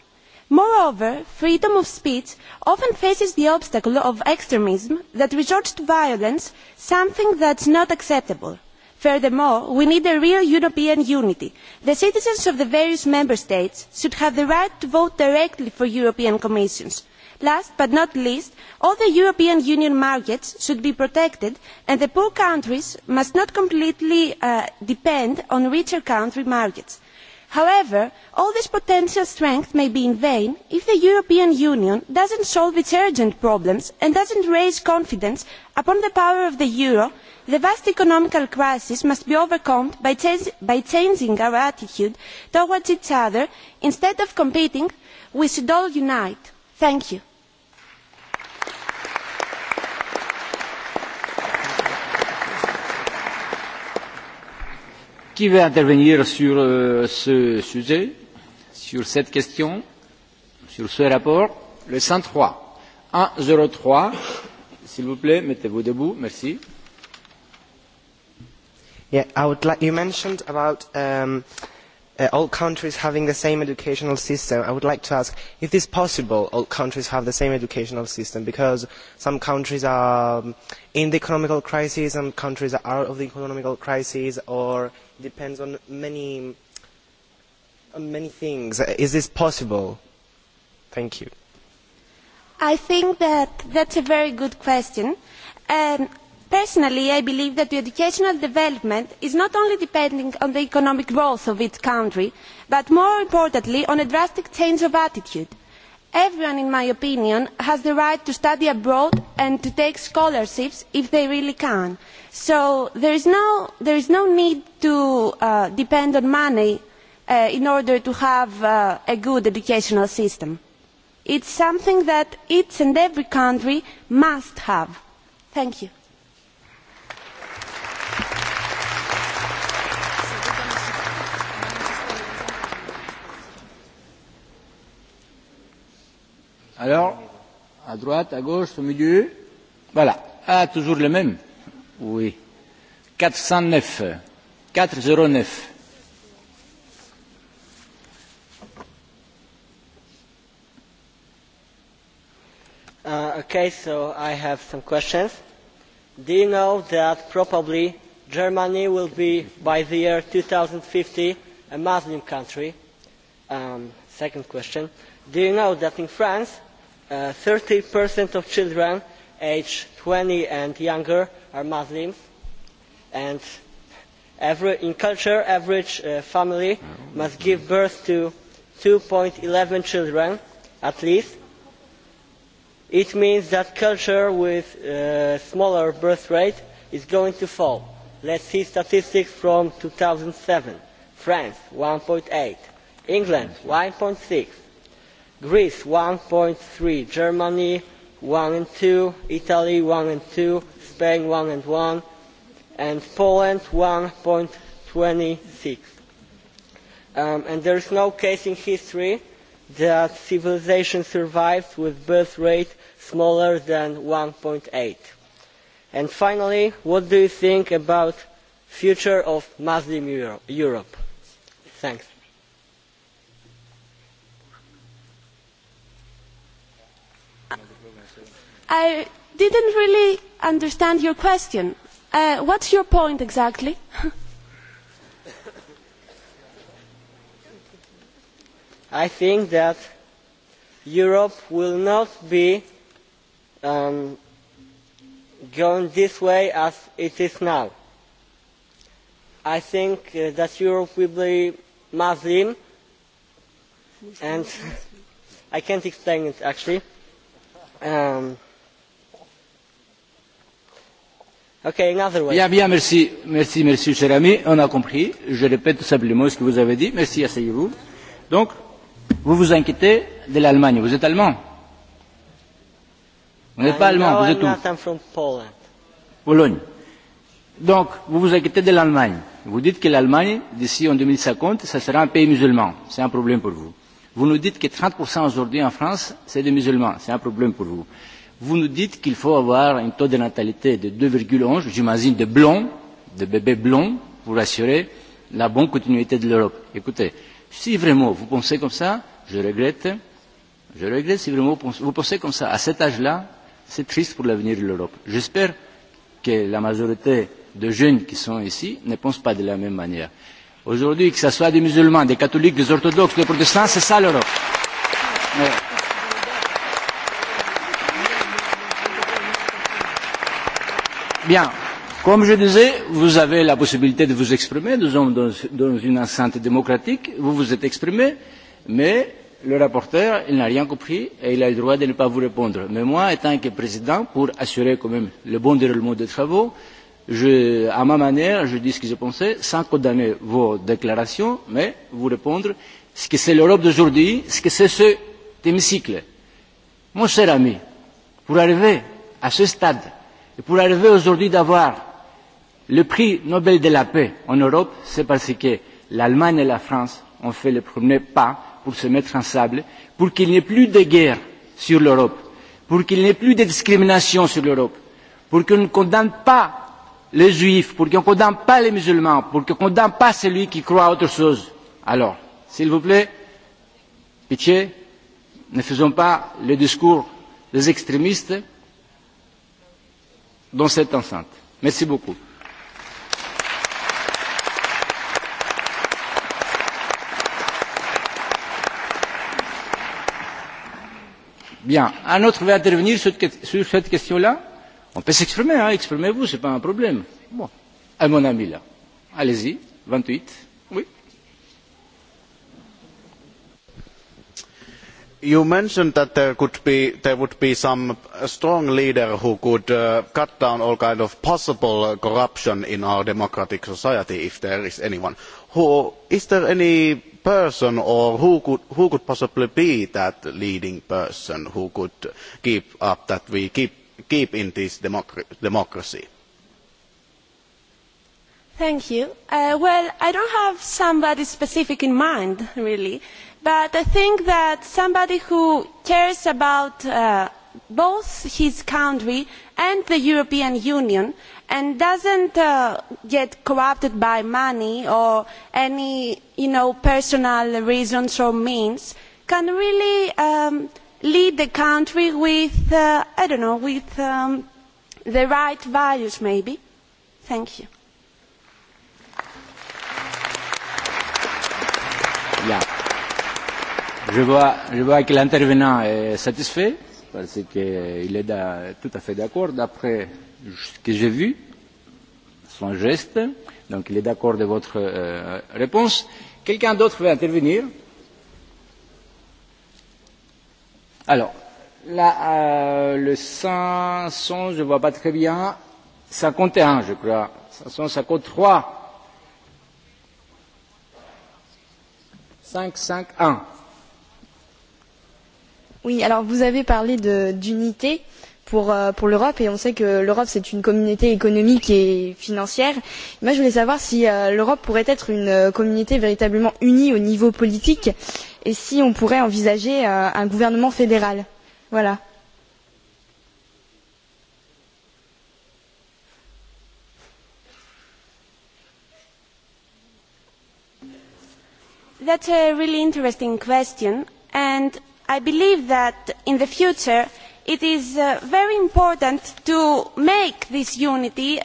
Moreover, freedom of speech often faces the obstacle of extremism that resorts to violence, something that is not acceptable. Furthermore, we need a real European unity. The citizens of the various member states should have the right to vote directly for European commissions. Last but not least, all the European Union markets should be protected and the poor countries must not completely depend on richer country markets however all this potential strength may be in vain if the european union does not solve its urgent problems and does not raise confidence upon the power of the euro the vast economic crisis must be overcome by changing our attitude towards each other. instead of competing we should all unite. thank you. Qui veut intervenir sur ce sujet, sur cette question, sur ce rapport Le 103. 103, s'il vous plaît, mettez-vous debout. Merci. Yeah, I would like, you mentioned about um, uh, all countries having the same educational system. I would like to ask if it is possible all countries have the same educational system because some countries are in the economical crisis, some countries are out of the economical crisis, or depends on many on many things. Is this possible? Thank you. I think that that's a very good question. Um, personally, I believe that the educational development is not only depending on the economic growth of each country, but more importantly on a drastic change of attitude everyone in my opinion has the right to study abroad and to take scholarships if they really can so there is no need to depend on money in order to have a good educational system. it is something that each and every country must have. thank you. Alors, à droite, à gauche, au milieu. Voilà. Ah, toujours le même. Oui. 409. 409. Uh, okay, so I have some questions. Do you know that probably Germany will be, by the year 2050, a Muslim country? Um, second question do you know that in france thirty of children aged twenty and younger are muslims and in culture the average family must give birth to. two eleven children at least. it means that culture with a smaller birth rate is going to fall. let us see statistics from two thousand and seven france. one eight england. one six greece one three germany one and two italy one and two spain one and one and poland one twenty six and there is no case in history that civilization survives with birth rate smaller than one eight. and finally what do you think about the future of muslim europe? thanks. I didn't really understand your question. Uh, what's your point exactly? I think that Europe will not be um, going this way as it is now. I think uh, that Europe will be Muslim, and I can't explain it actually. Um, Okay, another way. Bien, bien, merci, merci, merci, cher ami. On a compris. Je répète tout simplement ce que vous avez dit. Merci, asseyez-vous. Donc, vous vous inquiétez de l'Allemagne. Vous êtes allemand Vous n'êtes pas allemand, vous êtes où Pologne. Donc, vous vous inquiétez de l'Allemagne. Vous dites que l'Allemagne, d'ici en 2050, ça sera un pays musulman. C'est un problème pour vous. Vous nous dites que 30% aujourd'hui en France, c'est des musulmans. C'est un problème pour vous. Vous nous dites qu'il faut avoir un taux de natalité de deux onze, j'imagine de blonds, de bébés blonds, pour assurer la bonne continuité de l'Europe. Écoutez, si vraiment vous pensez comme ça, je regrette, je regrette si vraiment vous pensez comme ça, à cet âge-là, c'est triste pour l'avenir de l'Europe. J'espère que la majorité de jeunes qui sont ici ne pensent pas de la même manière. Aujourd'hui, que ce soit des musulmans, des catholiques, des orthodoxes, des protestants, c'est ça l'Europe. Bien. Comme je disais, vous avez la possibilité de vous exprimer. Nous sommes dans, dans une enceinte démocratique. Vous vous êtes exprimé, mais le rapporteur, il n'a rien compris et il a le droit de ne pas vous répondre. Mais moi, étant que président, pour assurer quand même le bon déroulement des travaux, je, à ma manière, je dis ce que je pensais, sans condamner vos déclarations, mais vous répondre ce que c'est l'Europe d'aujourd'hui, ce que c'est ce hémicycle. Mon cher ami, pour arriver à ce stade, Et pour arriver aujourd'hui d'avoir le prix Nobel de la paix en Europe, c'est parce que l'Allemagne et la France ont fait le premier pas pour se mettre en sable, pour qu'il n'y ait plus de guerre sur l'Europe, pour qu'il n'y ait plus de discrimination sur l'Europe, pour qu'on ne condamne pas les juifs, pour qu'on ne condamne pas les musulmans, pour qu'on ne condamne pas celui qui croit à autre chose. Alors, s'il vous plaît, pitié, ne faisons pas le discours des extrémistes dans cette enceinte. Merci beaucoup. Bien. Un autre veut intervenir sur, sur cette question-là On peut s'exprimer, hein, exprimez-vous, ce n'est pas un problème. Bon. À mon ami là. Allez-y, 28. Oui. you mentioned that there would be some strong leader who could cut down all kinds of possible corruption in our democratic society if there is anyone. is there any person or who could possibly be that leading person who could keep up that we keep in this democracy? well i do not have somebody specific in mind really. But I think that somebody who cares about both his country and the European Union and does not get corrupted by money or any personal reasons or means can really lead the country with, i do not know, with the right values maybe. Thank you. Je vois, je vois que l'intervenant est satisfait parce qu'il est tout à fait d'accord d'après ce que j'ai vu, son geste. Donc il est d'accord de votre euh, réponse. Quelqu'un d'autre veut intervenir Alors, là, euh, le cent, je ne vois pas très bien. 51, je crois. cinq, un. Oui, alors vous avez parlé d'unité pour, pour l'Europe et on sait que l'Europe c'est une communauté économique et financière. Moi je voulais savoir si l'Europe pourrait être une communauté véritablement unie au niveau politique et si on pourrait envisager un gouvernement fédéral. Voilà. That's a really interesting question and i believe that in the future it is very important to make this unity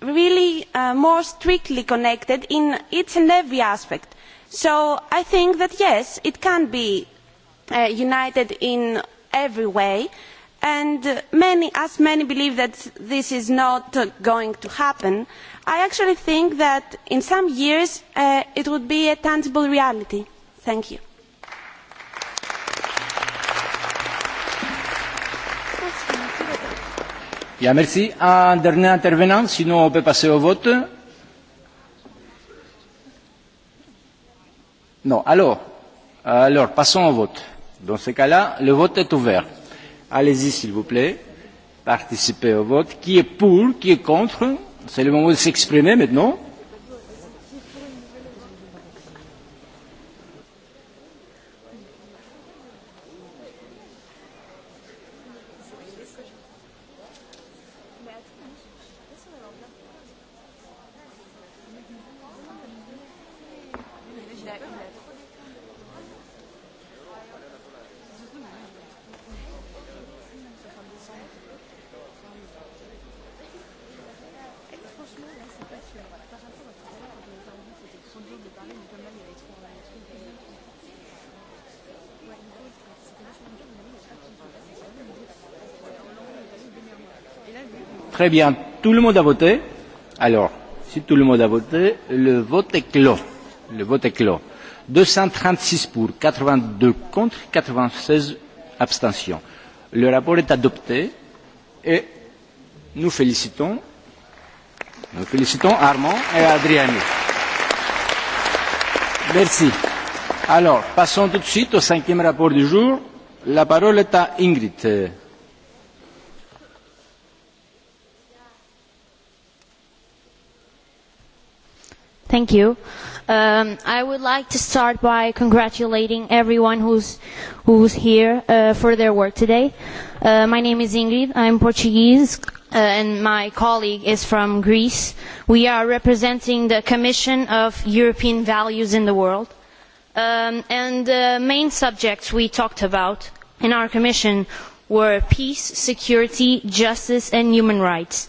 really more strictly connected in each and every aspect. so i think that yes it can be united in every way and as many believe that this is not going to happen i actually think that in some years it would be a tangible reality. thank you. Bien, merci. Un dernier intervenant, sinon on peut passer au vote. Non, alors, alors passons au vote. Dans ce cas-là, le vote est ouvert. Allez-y, s'il vous plaît. Participez au vote. Qui est pour, qui est contre C'est le moment de s'exprimer maintenant. Très bien. Tout le monde a voté Alors, si tout le monde a voté, le vote est clos. Le vote est clos. 236 pour, 82 contre, 96 abstentions. Le rapport est adopté et nous félicitons, nous félicitons Armand et Adriani. Merci. Alors, passons tout de suite au cinquième rapport du jour. La parole est à Ingrid. Thank you. Um, I would like to start by congratulating everyone who's who's here uh, for their work today. Uh, my name is Ingrid. I'm Portuguese, uh, and my colleague is from Greece. We are representing the Commission of European Values in the World, um, and the main subjects we talked about in our commission were peace, security, justice, and human rights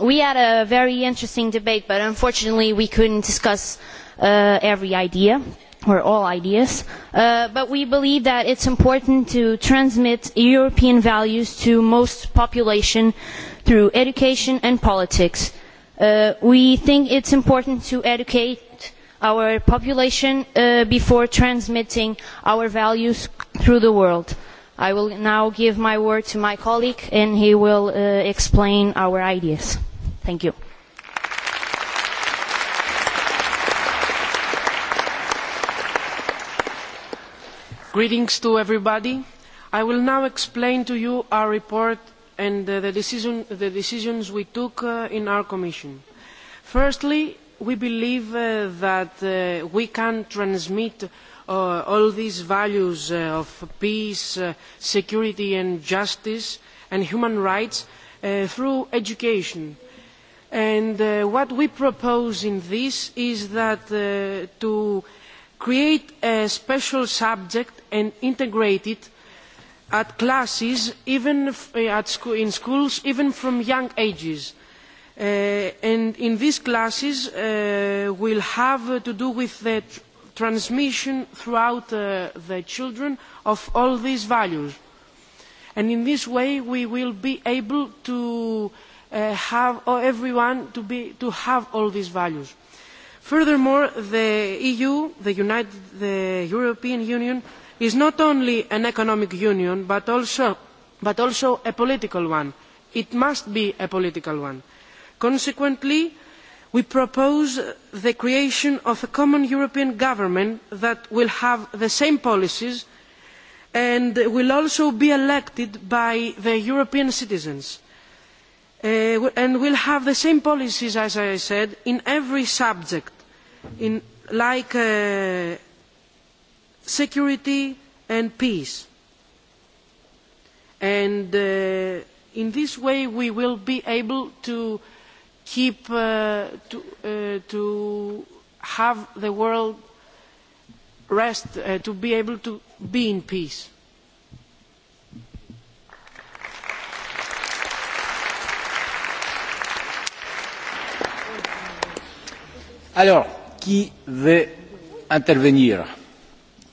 we had a very interesting debate, but unfortunately we couldn't discuss every idea or all ideas. but we believe that it's important to transmit European values to most population through education and politics. we think it's important to educate our population before transmitting our values through the world I will now give my word to my colleague and he will uh, explain our ideas. Thank you. Greetings to everybody. I will now explain to you our report and uh, the, decision, the decisions we took uh, in our Commission. Firstly, we believe uh, that uh, we can transmit all these values of peace, security and justice and human rights through education. what we propose in this is that to create a special subject and integrate it at classes, even in schools, even from young ages. and in these classes will have to do with the transmission throughout the children of all these values. And in this way we will be able to have everyone to, be, to have all these values. Furthermore, the EU, the, United, the European Union, is not only an economic union but also, but also a political one. It must be a political one. Consequently, we propose the creation of a common european government that will have the same policies and will also be elected by the european citizens and will have the same policies as i said in every subject like security and peace and in this way we will be able to keep uh, to, uh, to have the world rest, uh, to be able to be in peace. Alors, qui veut intervenir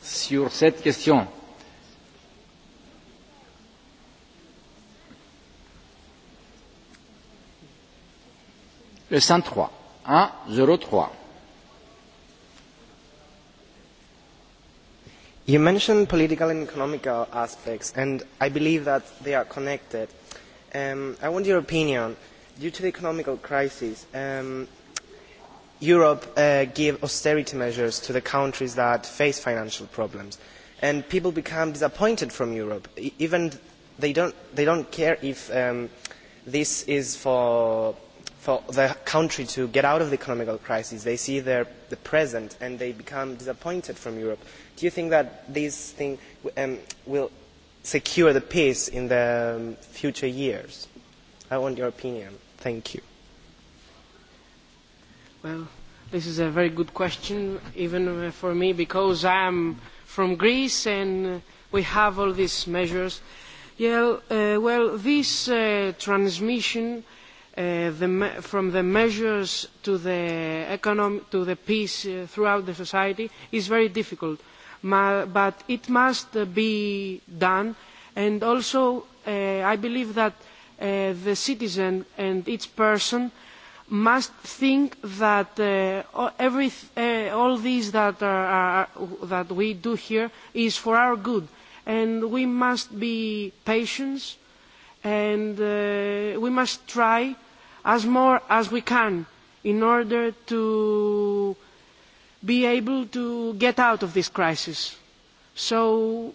sur cette question Le 103. 1, 0, 3. You mentioned political and economic aspects, and I believe that they are connected. Um, I want your opinion. Due to the economic crisis, um, Europe uh, gave austerity measures to the countries that face financial problems, and people become disappointed from Europe. Even they don't, they don't care if um, this is for for their country to get out of the economic crisis. They see their, the present and they become disappointed from Europe. Do you think that this thing um, will secure the peace in the um, future years? I want your opinion. Thank you. Well, this is a very good question, even for me, because I am from Greece and we have all these measures. Yeah, uh, well, this uh, transmission from the measures to the, economic, to the peace throughout the society is very difficult. but it must be done. And also, I believe that the citizen and each person must think that all these that, we do here is for our good. And we must be patient and we must try as more as we can in order to be able to get out of this crisis. So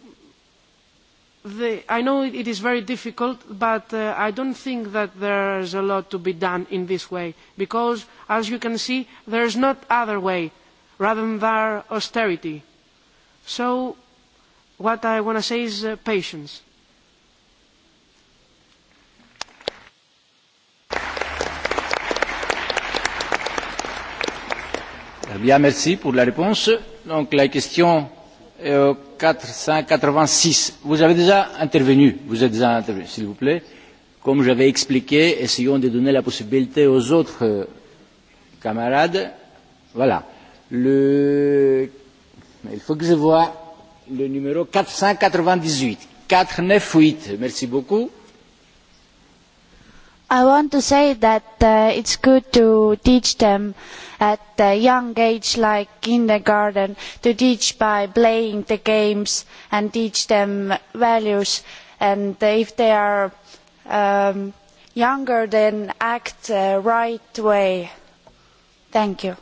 the, I know it, is very difficult, but uh, I don't think that there is a lot to be done in this way, because as you can see, there is not other way rather than austerity. So what I want to say is uh, patience Bien, merci pour la réponse. Donc la question est euh, 486. Vous avez déjà intervenu, vous êtes déjà intervenu, s'il vous plaît. Comme j'avais expliqué, essayons de donner la possibilité aux autres camarades. Voilà. Le... Il faut que je voie le numéro 498. 498. Merci beaucoup I want to say that uh, it's good to teach them at a young age, like kindergarten, to teach by playing the games and teach them values. And if they are um, younger, then act the right way. Thank you.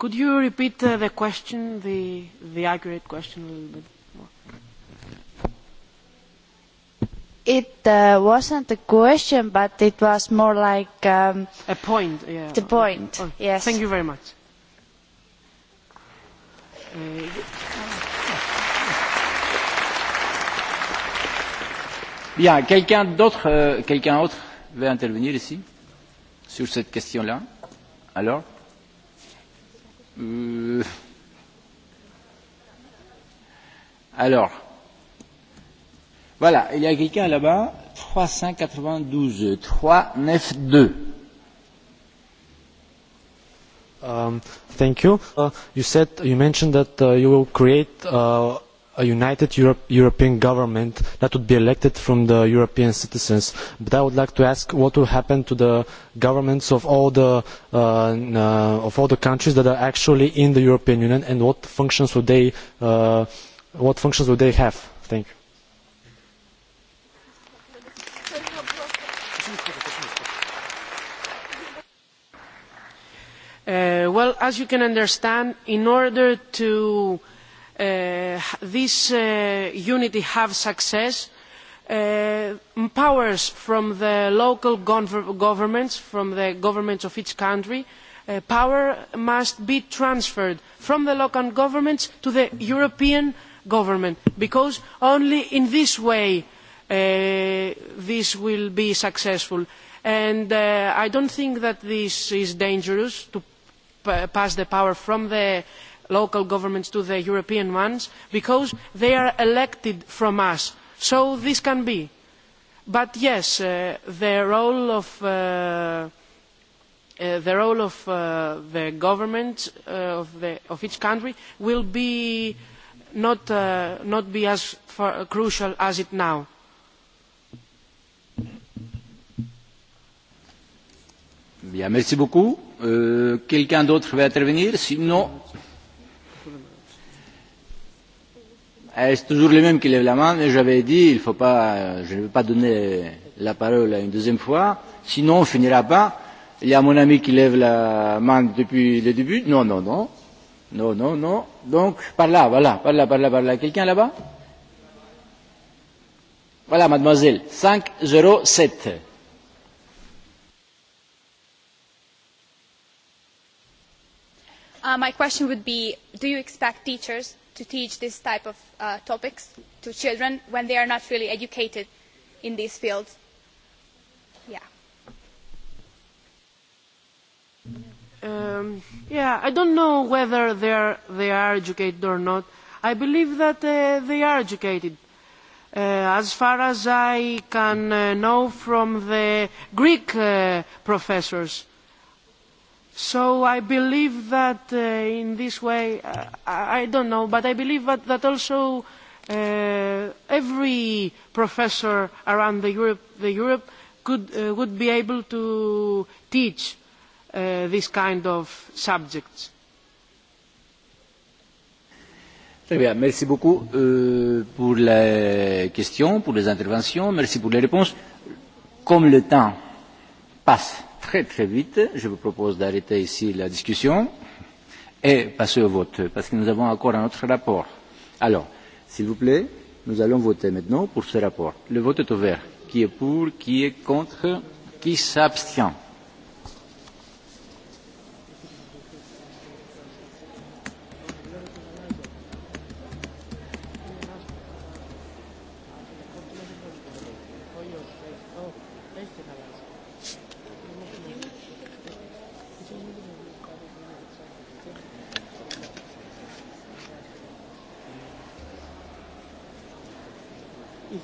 Could you repeat uh, the question, the, the accurate question a little bit? it uh, wasn't a question, but it was more like um, a point. Yeah. The point. Oh, yes. Thank you very much. Bien, quelqu'un d'autre, euh, quelqu'un autre veut intervenir ici sur cette question-là. Alors, euh, alors, Voilà, il y a quelqu'un là-bas, 392, 392. Um, thank you. Uh, you said you mentioned that uh, you will create uh, a united Europe, European government that would be elected from the European citizens. But I would like to ask what will happen to the governments of all the, uh, uh, of all the countries that are actually in the European Union and what functions will they, uh, what functions will they have? Thank you. well, as you can understand, in order to this unity have success, powers from the local governments, from the governments of each country, power must be transferred from the local governments to the European government, because only in this way this will be successful. And I don't think that this is dangerous to pass the power from the local governments to the European ones because they are elected from us. So this can be. But yes, the role of the role of the government of, each country will be not, be as crucial as it is now. merci beaucoup. Euh, Quelqu'un d'autre veut intervenir Sinon. C'est toujours le même qui lève la main, mais j'avais dit, il faut pas, je ne vais pas donner la parole une deuxième fois, sinon on ne finira pas. Il y a mon ami qui lève la main depuis le début. Non, non, non. Non, non, non. Donc, par là, voilà, par là, par là, par là. Quelqu'un là-bas Voilà, mademoiselle, 507. my question would be do you expect teachers to teach this type of topics to children when they are not really educated in these fields? i do not know whether they are educated or not. i believe that they are educated as far as i can know from the greek professors So I believe that uh, in this way, uh, I don't know, but I believe that, that also uh, every professor around the Europe, the Europe could, uh, would be able to teach uh, this kind of subjects. Très bien, merci beaucoup euh, pour les questions, pour les interventions, merci pour les réponses. Comme le temps passe, très très vite. Je vous propose d'arrêter ici la discussion et passer au vote, parce que nous avons encore un autre rapport. Alors, s'il vous plaît, nous allons voter maintenant pour ce rapport. Le vote est ouvert. Qui est pour Qui est contre Qui s'abstient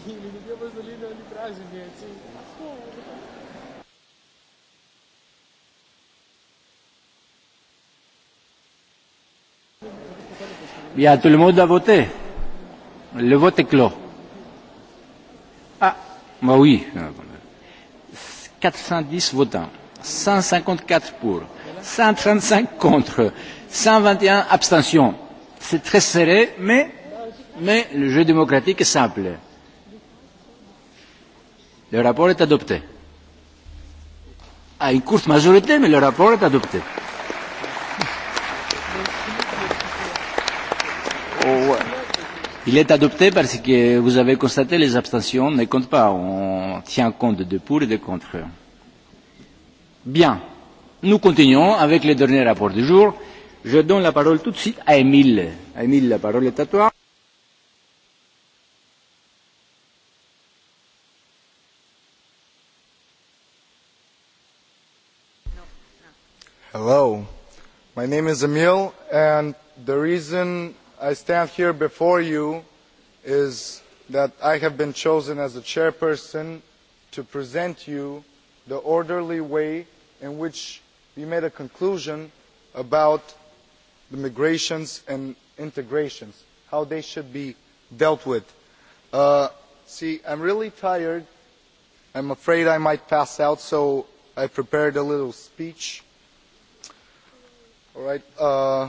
или не бива нали, нали празници. Il y a tout le monde à voter. Le vote est clos. Ah, bah oui. 410 votants, 154 pour, 135 contre, 121 abstentions. C'est très serré, mais, mais le jeu démocratique est simple Le rapport est adopté. À une courte majorité, mais le rapport est adopté. Il est adopté parce que vous avez constaté les abstentions ne comptent pas. On tient compte de pour et de contre. Bien. Nous continuons avec le dernier rapport du jour. Je donne la parole tout de suite à Émile. Émile, la parole est à toi. My name is Emil, and the reason I stand here before you is that I have been chosen as the chairperson to present you the orderly way in which we made a conclusion about the migrations and integrations, how they should be dealt with. see, I'm really tired. I'm afraid I might pass out, so I prepared a little speech right. Uh,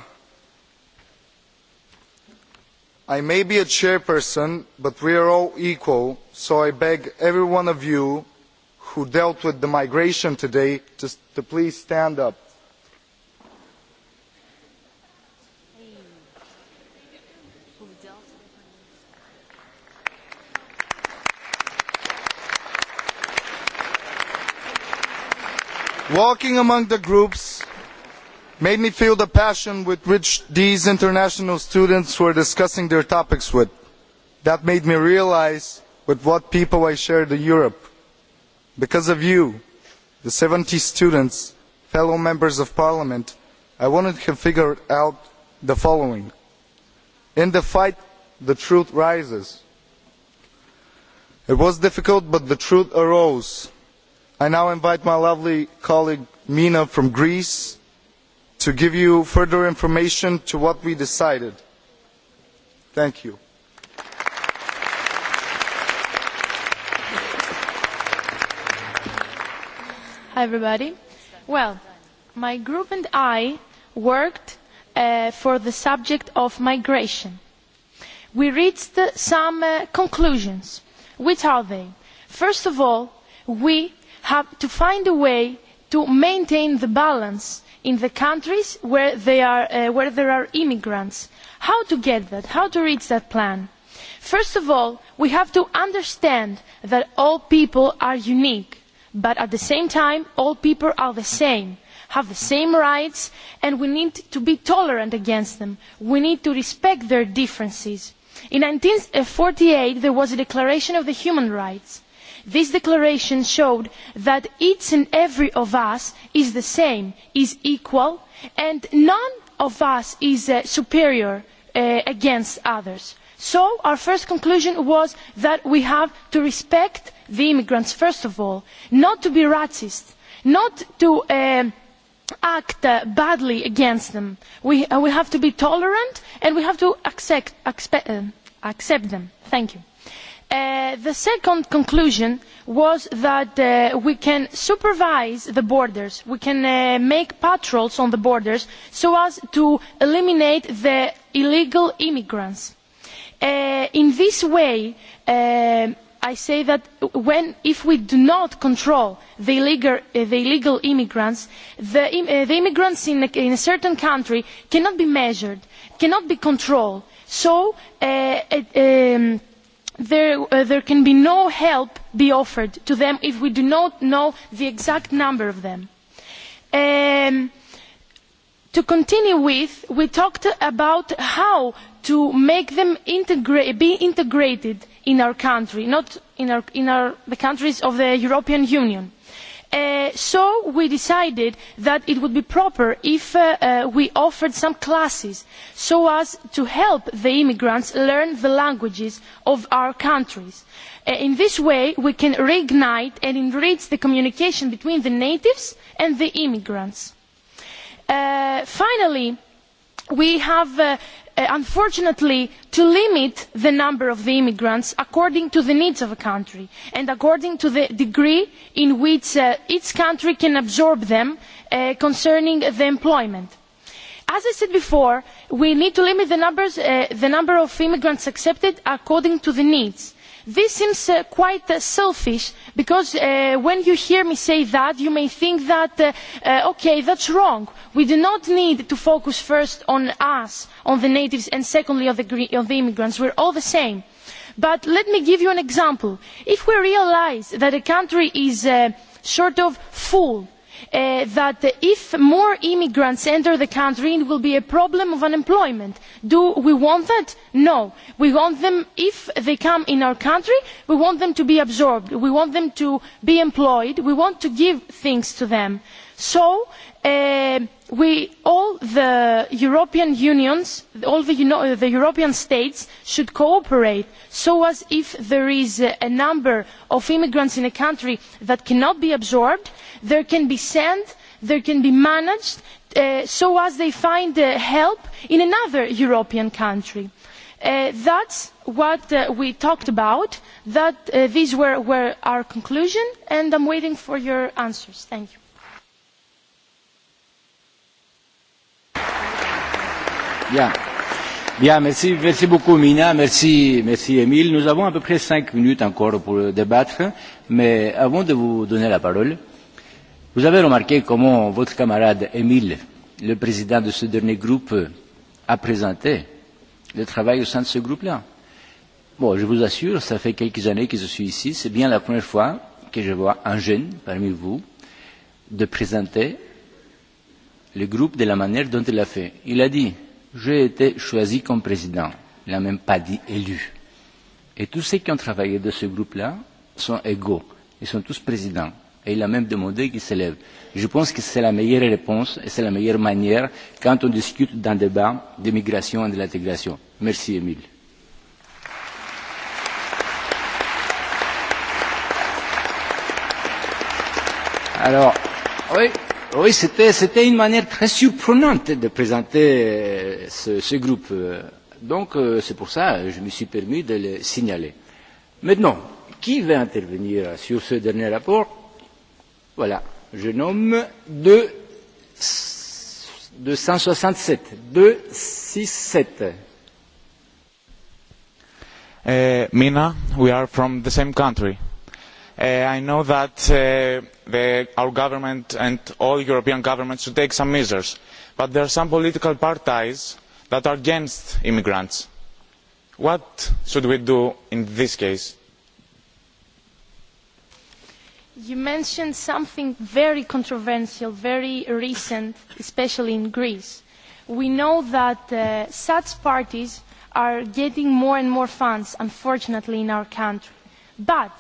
I may be a chairperson, but we are all equal, so I beg every one of you who dealt with the migration today to, to please stand up. Walking among the groups made me feel the passion with which these international students were discussing their topics with. That made me realise with what people I shared in Europe. Because of you, the seventy students, fellow members of parliament, I wanted to figure out the following. In the fight, the truth rises. It was difficult, but the truth arose. I now invite my lovely colleague Mina from Greece to give you further information on what we decided. Thank you. Hi, everybody. Well, my group and I worked uh, for the subject of migration. We reached some uh, conclusions. Which are they? First of all, we have to find a way to maintain the balance in the countries where, there are immigrants. How to get that? How to reach that plan? First of all, we have to understand that all people are unique, but at the same time, all people are the same, have the same rights, and we need to be tolerant against them. We need to respect their differences. In forty eight there was a Declaration of the Human Rights this declaration showed that each and every one of us is the same is equal and none of us is superior against others. so our first conclusion was that we have to respect the immigrants first of all not to be racist not to act badly against them. we have to be tolerant and we have to accept them the second conclusion was that we can supervise the borders we can make patrols on the borders so as to eliminate the illegal immigrants. in this way i say that if we do not control the illegal immigrants the immigrants in a certain country cannot be measured cannot be controlled so there can be no help be offered to them if we do not know the exact number of them. to continue with, we talked about how to make them be integrated in our country, not in, the countries of the European Union so we decided that it would be proper if we offered some classes so as to help the immigrants learn the languages of our countries. in this way we can reignite and enrich the communication between the natives and the immigrants. finally we have unfortunately to limit the number of immigrants according to the needs of a country and according to the degree to which each country can absorb them concerning employment. as i said before we need to limit the number of immigrants accepted according to the needs. This seems quite selfish because when you hear me say that, you may think that, uh, okay, that's wrong. We do not need to focus first on us, on the natives, and secondly on the, immigrants. We are all the same. But let me give you an example. If we realise that a country is sort of full that if more immigrants enter the country it will be a problem of unemployment. do we want that? no. we want them if they come to our country we want them to be absorbed we want them to be employed we want to give things to them. so we all the european unions all the european states should cooperate so as if there is a number of immigrants in a country that cannot be absorbed they can be sent they can be managed so as they find help in another european country that is what we talked about these were our conclusions and i am waiting for your answers. Bien. Bien, merci, merci beaucoup Mina, merci, merci Émile. Nous avons à peu près cinq minutes encore pour débattre, mais avant de vous donner la parole, vous avez remarqué comment votre camarade Émile, le président de ce dernier groupe, a présenté le travail au sein de ce groupe-là. Bon, je vous assure, ça fait quelques années que je suis ici, c'est bien la première fois que je vois un jeune parmi vous de présenter le groupe de la manière dont il a fait. Il a dit J'ai été choisi comme président. Il n'a même pas dit élu. Et tous ceux qui ont travaillé dans ce groupe-là sont égaux. Ils sont tous présidents. Et il a même demandé qu'ils s'élèvent. Je pense que c'est la meilleure réponse et c'est la meilleure manière quand on discute d'un débat de migration et de l'intégration. Merci, Émile. Alors, oui, Oui, c'était, c'était une manière très surprenante de présenter ce, ce groupe. Donc, c'est pour ça que je me suis permis de le signaler. Maintenant, qui va intervenir sur ce dernier rapport Voilà, je nomme 2, 267. 267. Uh, Mina, we are from the same country I know that our government and all European governments should take some measures, but there are some political parties that are against immigrants. What should we do in this case? You mentioned something very controversial, very recent, especially in Greece. We know that such parties are getting more and more funds, unfortunately, in our country. But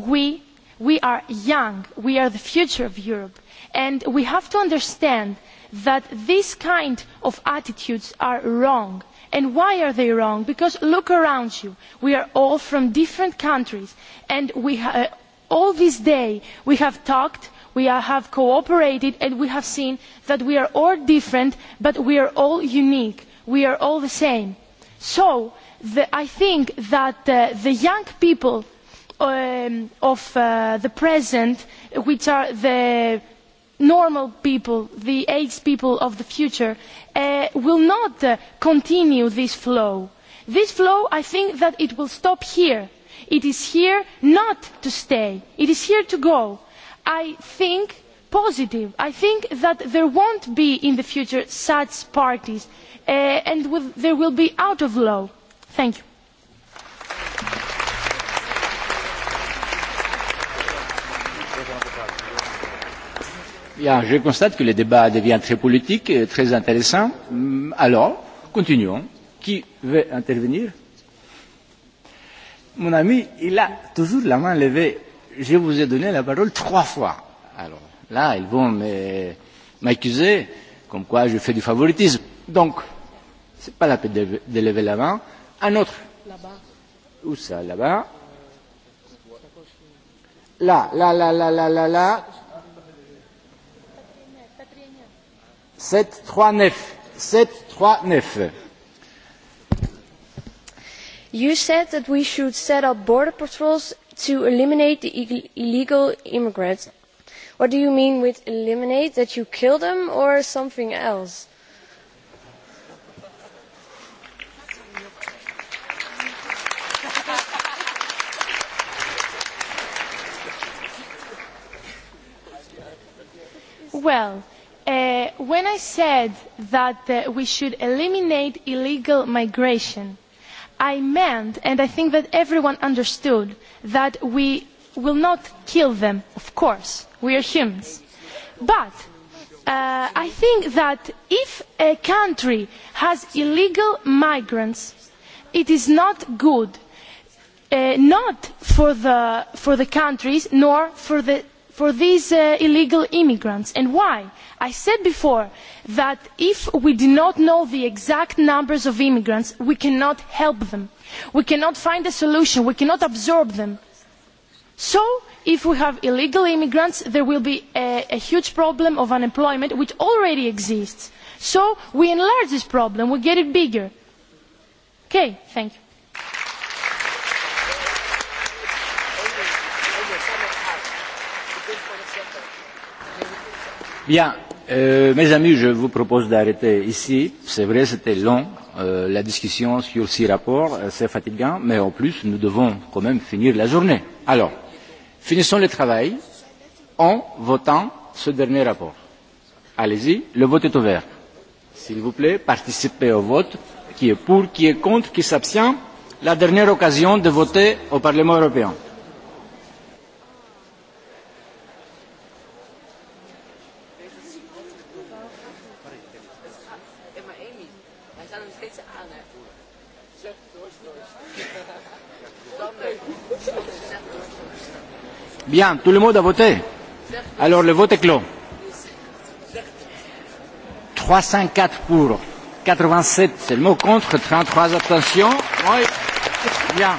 we, we are young, we are the future of Europe, and we have to understand that these kind of attitudes are wrong. And why are they wrong? Because look around you. We are all from different countries, and we ha- all this day we have talked, we have cooperated, and we have seen that we are all different, but we are all unique. We are all the same. So I think that the young people of the present, which are the normal people, the AIDS people of the future, will not continue this flow. This flow, I think that it will stop here. It is here not to stay. It is here to go. I think positive. I think that there won't be in the future such parties and there will be out of law. Thank you. Bien, je constate que le débat devient très politique et très intéressant. Alors, continuons. Qui veut intervenir Mon ami, il a toujours la main levée. Je vous ai donné la parole trois fois. Alors, là, ils vont m'accuser comme quoi je fais du favoritisme. Donc, ce n'est pas la peine de, de lever la main. Un autre. Là-bas. Où ça, là-bas Là, là, là, là, là, là, là, You said that we should set up border patrols to eliminate the illegal immigrants. What do you mean with eliminate? That you kill them or something else? Well, when I said that we should eliminate illegal migration, I meant, and I think that everyone understood, that we will not kill them, of course. We are humans. But I think that if a country has illegal migrants, it is not good, not for the, countries nor for the for these illegal immigrants and why? I said before that if we do not know the exact numbers of immigrants, we cannot help them. We cannot find a solution. We cannot absorb them. So, if we have illegal immigrants, there will be a, huge problem of unemployment, which already exists. So, we enlarge this problem. We get it bigger. Okay, thank you. Bien, mes amis, je vous propose d'arrêter ici. C'est vrai, c'était long, la discussion sur ces rapports, c'est fatigant, mais en plus, nous devons quand même finir la journée. Alors, finissons le travail en votant ce dernier rapport. Allez-y, le vote est ouvert. S'il vous plaît, participez au vote. Qui est pour, qui est contre, qui s'abstient La dernière occasion de voter au Parlement européen. Bien, tout le monde a voté Alors le vote est clos. 304 pour, 87 seulement contre, 33 abstentions. Oui. Bien.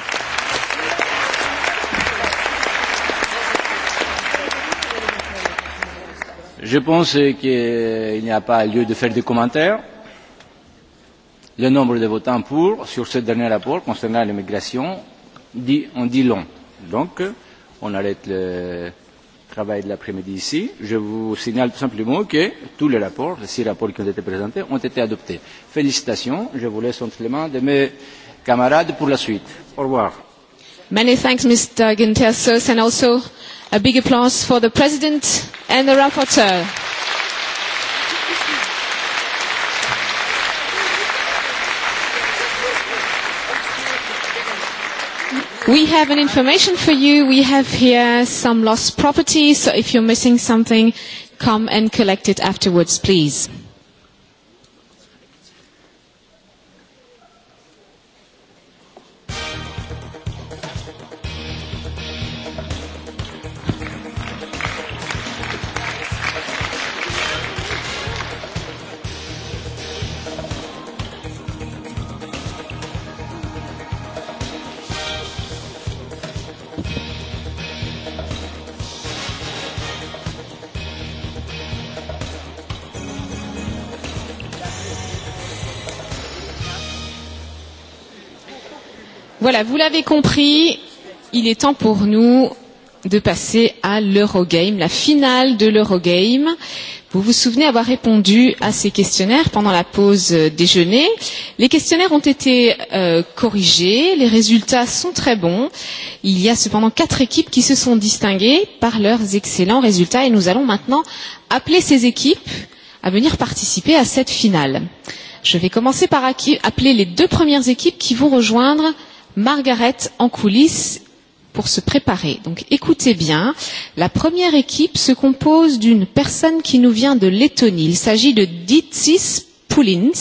Je pense qu'il n'y a pas lieu de faire des commentaires. Le nombre de votants pour sur ce dernier rapport concernant l'immigration dit, on dit long. Donc, on arrête le travail de l'après-midi ici. Je vous signale tout simplement que tous les rapports, les six rapports qui ont été présentés, ont été adoptés. Félicitations. Je vous laisse entre les mains de mes camarades pour la suite. Au revoir. Many thanks, Mr. Gintersos, and also a big applause for the President and the rapporteur. We have an information for you. We have here some lost property, so if you're missing something, come and collect it afterwards, please. Voilà, vous l'avez compris, il est temps pour nous de passer à l'Eurogame, la finale de l'Eurogame. Vous vous souvenez avoir répondu à ces questionnaires pendant la pause déjeuner. Les questionnaires ont été euh, corrigés, les résultats sont très bons. Il y a cependant quatre équipes qui se sont distinguées par leurs excellents résultats et nous allons maintenant appeler ces équipes à venir participer à cette finale. Je vais commencer par appeler les deux premières équipes qui vont rejoindre Margaret en coulisses pour se préparer. Donc écoutez bien, la première équipe se compose d'une personne qui nous vient de Lettonie. Il s'agit de Ditsis Poulins,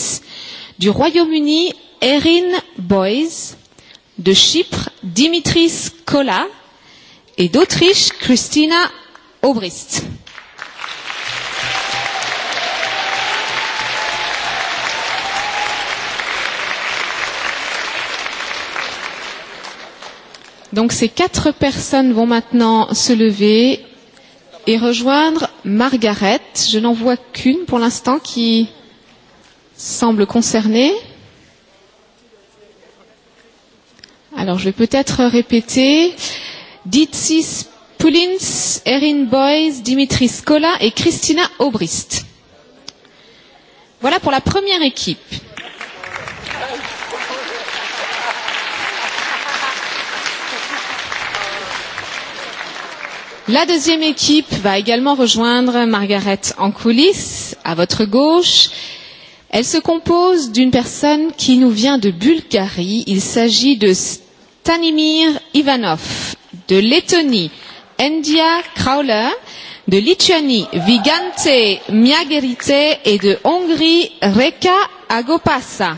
du Royaume-Uni Erin Boys, de Chypre Dimitris Kola et d'Autriche Christina Obrist. Donc ces quatre personnes vont maintenant se lever et rejoindre Margaret. Je n'en vois qu'une pour l'instant qui semble concernée. Alors je vais peut-être répéter. Ditsis Poulins, Erin Boys, Dimitri Scola et Christina Aubrist. Voilà pour la première équipe. La deuxième équipe va également rejoindre Margaret en coulisses, à votre gauche. Elle se compose d'une personne qui nous vient de Bulgarie. Il s'agit de Stanimir Ivanov, de Lettonie, Endia Krauler, de Lituanie, Vigante Miagerite et de Hongrie, Reka Agopasa.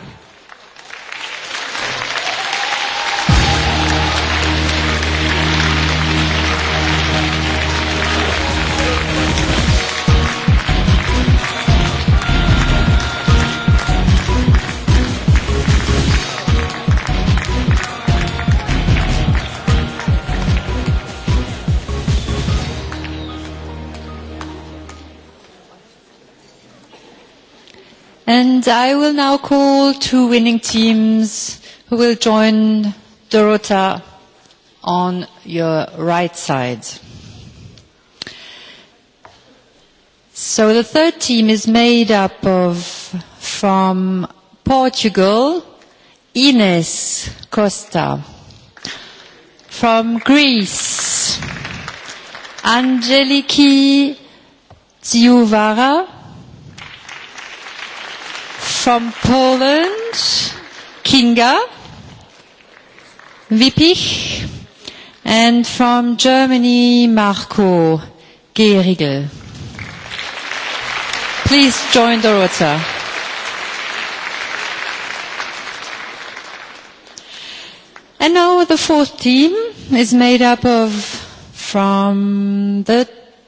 And I will now call two winning teams who will join Dorota on your right side. So the third team is made up of from Portugal, Ines Costa. From Greece, Angeliki Tsiouvara from Poland, Kinga Wippich, and from Germany, Marco Gehrigel. Please join Dorota. And now the fourth team is made up of from the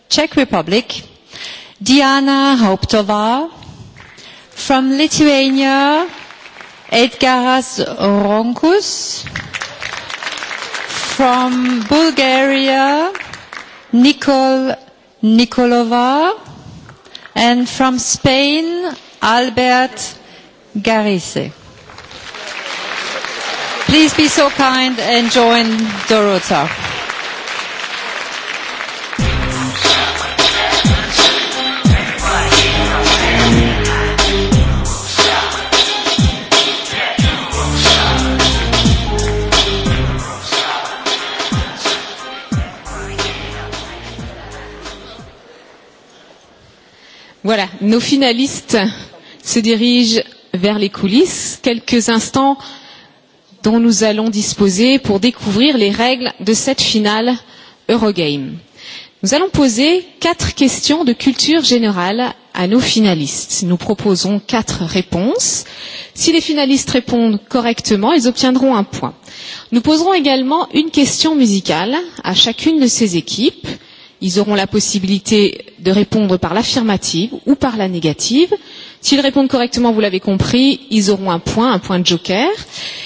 Czech Republic, Diana Hauptová, From Lithuania, Edgaras Ronkus. From Bulgaria, Nikol Nikolova. And from Spain, Albert Garise. Please be so kind and join Dorota. Voilà, nos finalistes se dirigent vers les coulisses. Quelques instants dont nous allons disposer pour découvrir les règles de cette finale Eurogame. Nous allons poser quatre questions de culture générale à nos finalistes. Nous proposons quatre réponses. Si les finalistes répondent correctement, ils obtiendront un point. Nous poserons également une question musicale à chacune de ces équipes. Ils auront la possibilité de répondre par l'affirmative ou par la négative. S'ils répondent correctement, vous l'avez compris, ils auront un point, un point de joker.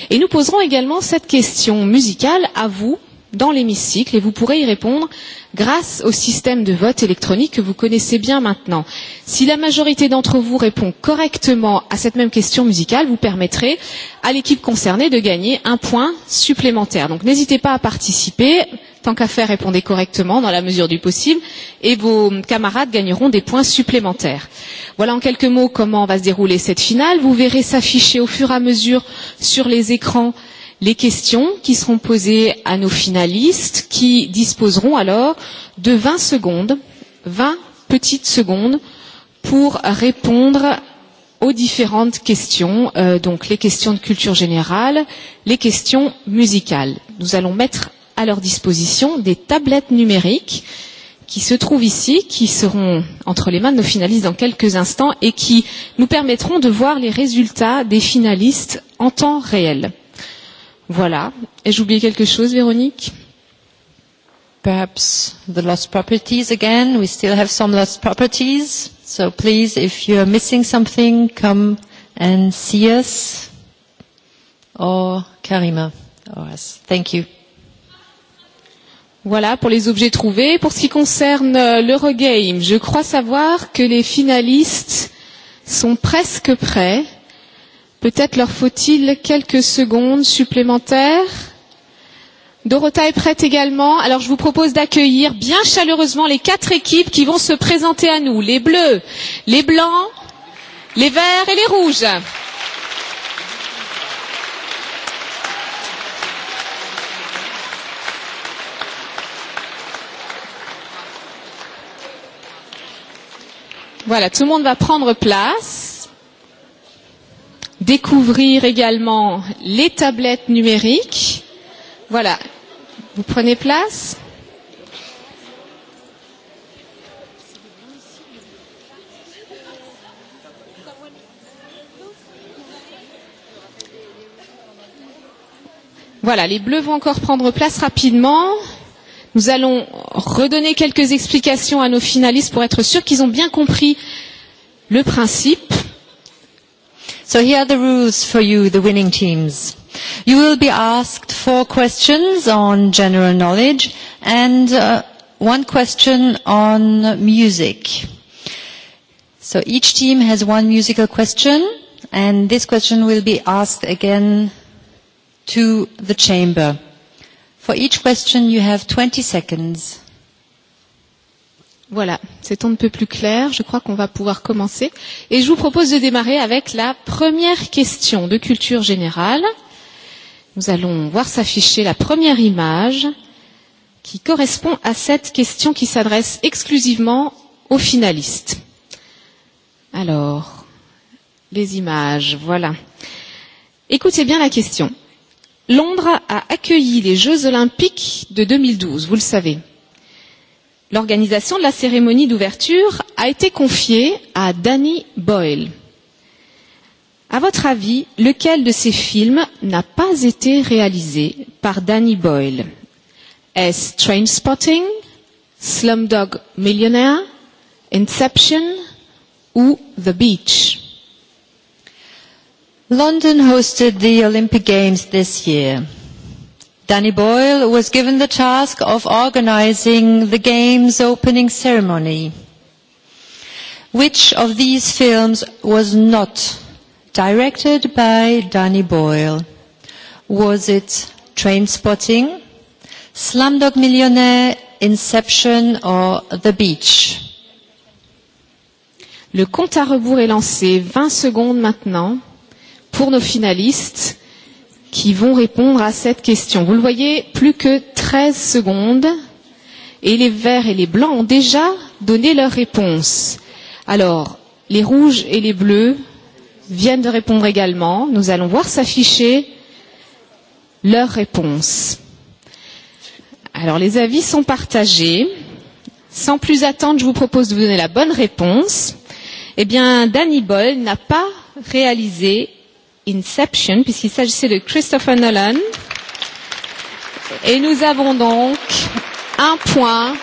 Et nous poserons également cette question musicale à vous dans l'hémicycle et vous pourrez y répondre grâce au système de vote électronique que vous connaissez bien maintenant. Si la majorité d'entre vous répond correctement à cette même question musicale, vous permettrez à l'équipe concernée de gagner un point supplémentaire. Donc n'hésitez pas à participer. Tant qu'à faire, répondez correctement dans la mesure du possible et vos camarades gagneront des points supplémentaires. Voilà en quelques mots comment va se dérouler cette finale. Vous verrez s'afficher au fur et à mesure sur les écrans les questions qui seront posées à nos finalistes qui disposeront alors de 20 secondes, 20 petites secondes pour répondre aux différentes questions, euh, donc les questions de culture générale, les questions musicales. Nous allons mettre à leur disposition des tablettes numériques qui se trouvent ici, qui seront entre les mains de nos finalistes dans quelques instants et qui nous permettront de voir les résultats des finalistes en temps réel. Voilà. Ai-je oublié quelque chose, Véronique Perhaps the lost properties again. We still have some lost properties. So please, if you're missing something, come and see us or Karima or us. Thank you. Voilà pour les objets trouvés. Pour ce qui concerne l'Eurogame, je crois savoir que les finalistes sont presque prêts. Peut-être leur faut-il quelques secondes supplémentaires. Dorota est prête également. Alors je vous propose d'accueillir bien chaleureusement les quatre équipes qui vont se présenter à nous. Les bleus, les blancs, les verts et les rouges. Voilà, tout le monde va prendre place découvrir également les tablettes numériques. Voilà, vous prenez place. Voilà, les bleus vont encore prendre place rapidement. Nous allons redonner quelques explications à nos finalistes pour être sûrs qu'ils ont bien compris le principe. So here are the rules for you, the winning teams. You will be asked four questions on general knowledge and uh, one question on music. So each team has one musical question and this question will be asked again to the chamber. For each question you have 20 seconds. Voilà, c'est on ne peut plus clair. Je crois qu'on va pouvoir commencer. Et je vous propose de démarrer avec la première question de culture générale. Nous allons voir s'afficher la première image qui correspond à cette question qui s'adresse exclusivement aux finalistes. Alors, les images, voilà. Écoutez bien la question. Londres a accueilli les Jeux olympiques de 2012, vous le savez. L'organisation de la cérémonie d'ouverture a été confiée à Danny Boyle. À votre avis, lequel de ces films n'a pas été réalisé par Danny Boyle Est-ce Trainspotting, Slumdog Millionaire, Inception ou The Beach London hosted the Olympic Games this year. Danny Boyle was given the task of organizing the game's opening ceremony. Which of these films was not directed by Danny Boyle? Was it Train Spotting, Slumdog Millionaire, Inception or The Beach? Le compte à rebours est lancé 20 secondes maintenant pour nos finalistes qui vont répondre à cette question. Vous le voyez, plus que 13 secondes et les verts et les blancs ont déjà donné leur réponse. Alors, les rouges et les bleus viennent de répondre également. Nous allons voir s'afficher leur réponse. Alors, les avis sont partagés. Sans plus attendre, je vous propose de vous donner la bonne réponse. Eh bien, Danny Boyle n'a pas réalisé Inception, puisqu'il s'agissait de Christopher Nolan. Et nous avons donc un point,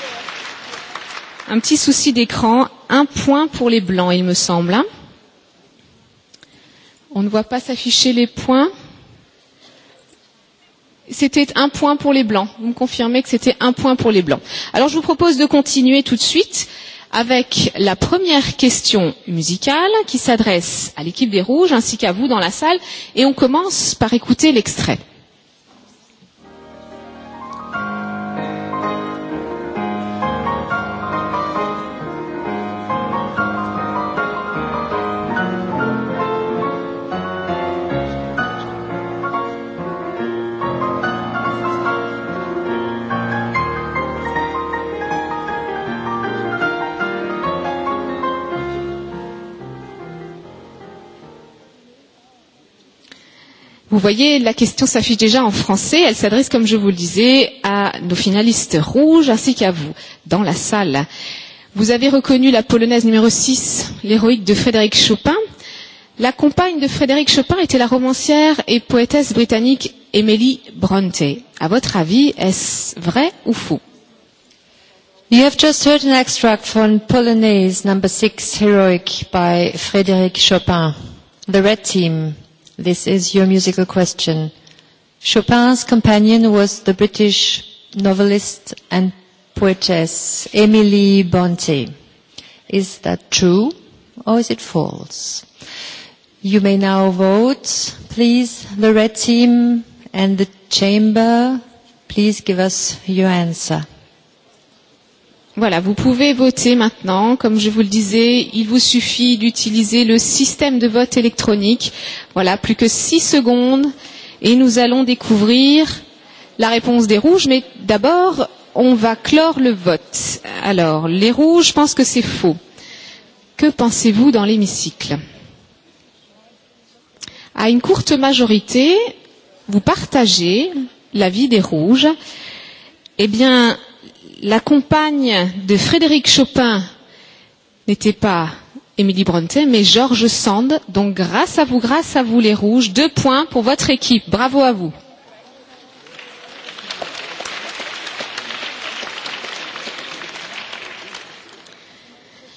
un petit souci d'écran, un point pour les blancs, il me semble. On ne voit pas s'afficher les points. C'était un point pour les blancs. Vous me confirmez que c'était un point pour les blancs. Alors je vous propose de continuer tout de suite avec la première question musicale qui s'adresse à l'équipe des Rouges ainsi qu'à vous dans la salle et on commence par écouter l'extrait. Vous voyez, la question s'affiche déjà en français. Elle s'adresse, comme je vous le disais, à nos finalistes rouges ainsi qu'à vous, dans la salle. Vous avez reconnu la polonaise numéro 6, l'héroïque de Frédéric Chopin. La compagne de Frédéric Chopin était la romancière et poétesse britannique Emily Bronte. À votre avis, est-ce vrai ou faux You have just heard an extract from Polonaise number 6 heroic by Frédéric Chopin. The red team This is your musical question. Chopin's companion was the British novelist and poetess Emily Bonte. Is that true or is it false? You may now vote. Please, the red team and the chamber, please give us your answer. Voilà, vous pouvez voter maintenant. Comme je vous le disais, il vous suffit d'utiliser le système de vote électronique. Voilà, plus que six secondes et nous allons découvrir la réponse des rouges. Mais d'abord, on va clore le vote. Alors, les rouges pensent que c'est faux. Que pensez-vous dans l'hémicycle À une courte majorité, vous partagez l'avis des rouges. Eh bien, La compagne de Frédéric Chopin n'était pas Émilie Bronte, mais Georges Sand. Donc grâce à vous, grâce à vous les Rouges, deux points pour votre équipe. Bravo à vous.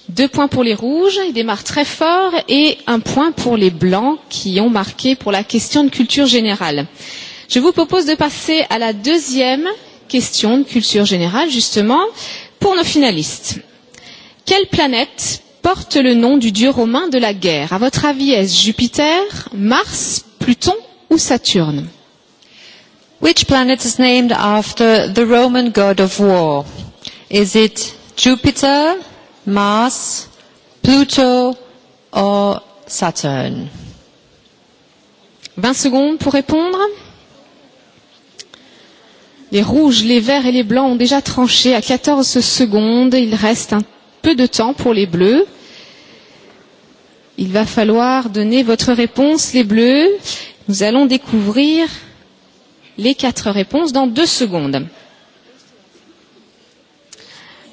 Deux points pour les rouges, ils démarrent très fort, et un point pour les blancs qui ont marqué pour la question de culture générale. Je vous propose de passer à la deuxième question de culture générale, justement, pour nos finalistes. Quelle planète porte le nom du dieu romain de la guerre À votre avis, est-ce Jupiter, Mars, Pluton ou Saturne Which planet is named after the Roman god of war Is it Jupiter, Mars, Pluto or Saturn 20 secondes pour répondre. Les rouges, les verts et les blancs ont déjà tranché à 14 secondes. Il reste un peu de temps pour les bleus. Il va falloir donner votre réponse, les bleus. Nous allons découvrir les quatre réponses dans deux secondes.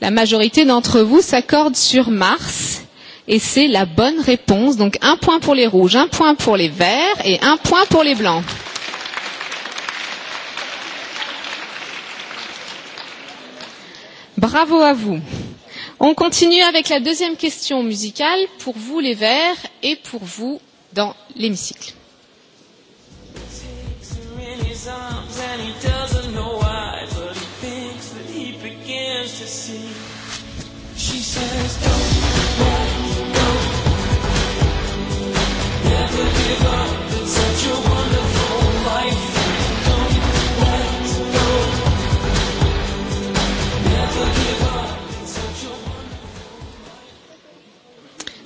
La majorité d'entre vous s'accorde sur Mars et c'est la bonne réponse. Donc un point pour les rouges, un point pour les verts et un point pour les blancs. Bravo à vous. On continue avec la deuxième question musicale pour vous les Verts et pour vous dans l'hémicycle. never give up.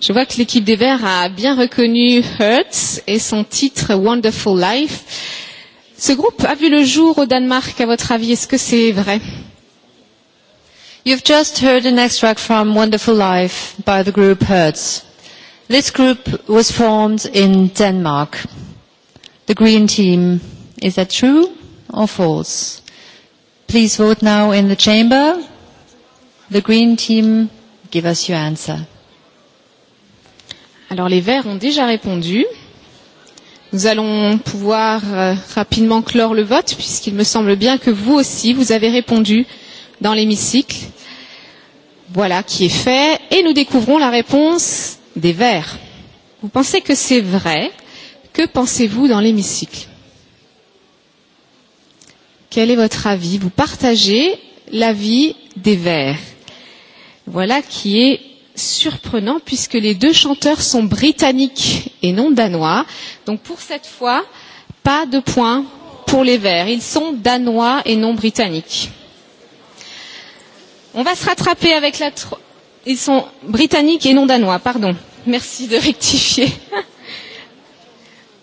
Je vois que l'équipe des Verts a bien reconnu Hertz et son titre Wonderful Life. Ce groupe a vu le jour au Danemark, à votre avis, est-ce que c'est vrai You've just heard an extract from Wonderful Life by the group Hertz. This group was formed in Denmark. The green team, is that true or false? Please vote now in the chamber. The green team, give us your answer. Alors les verts ont déjà répondu. Nous allons pouvoir euh, rapidement clore le vote puisqu'il me semble bien que vous aussi, vous avez répondu dans l'hémicycle. Voilà qui est fait et nous découvrons la réponse des verts. Vous pensez que c'est vrai Que pensez-vous dans l'hémicycle Quel est votre avis Vous partagez l'avis des verts. Voilà qui est surprenant puisque les deux chanteurs sont britanniques et non danois. Donc pour cette fois, pas de points pour les Verts. Ils sont danois et non britanniques. On va se rattraper avec la. Ils sont britanniques et non danois, pardon. Merci de rectifier.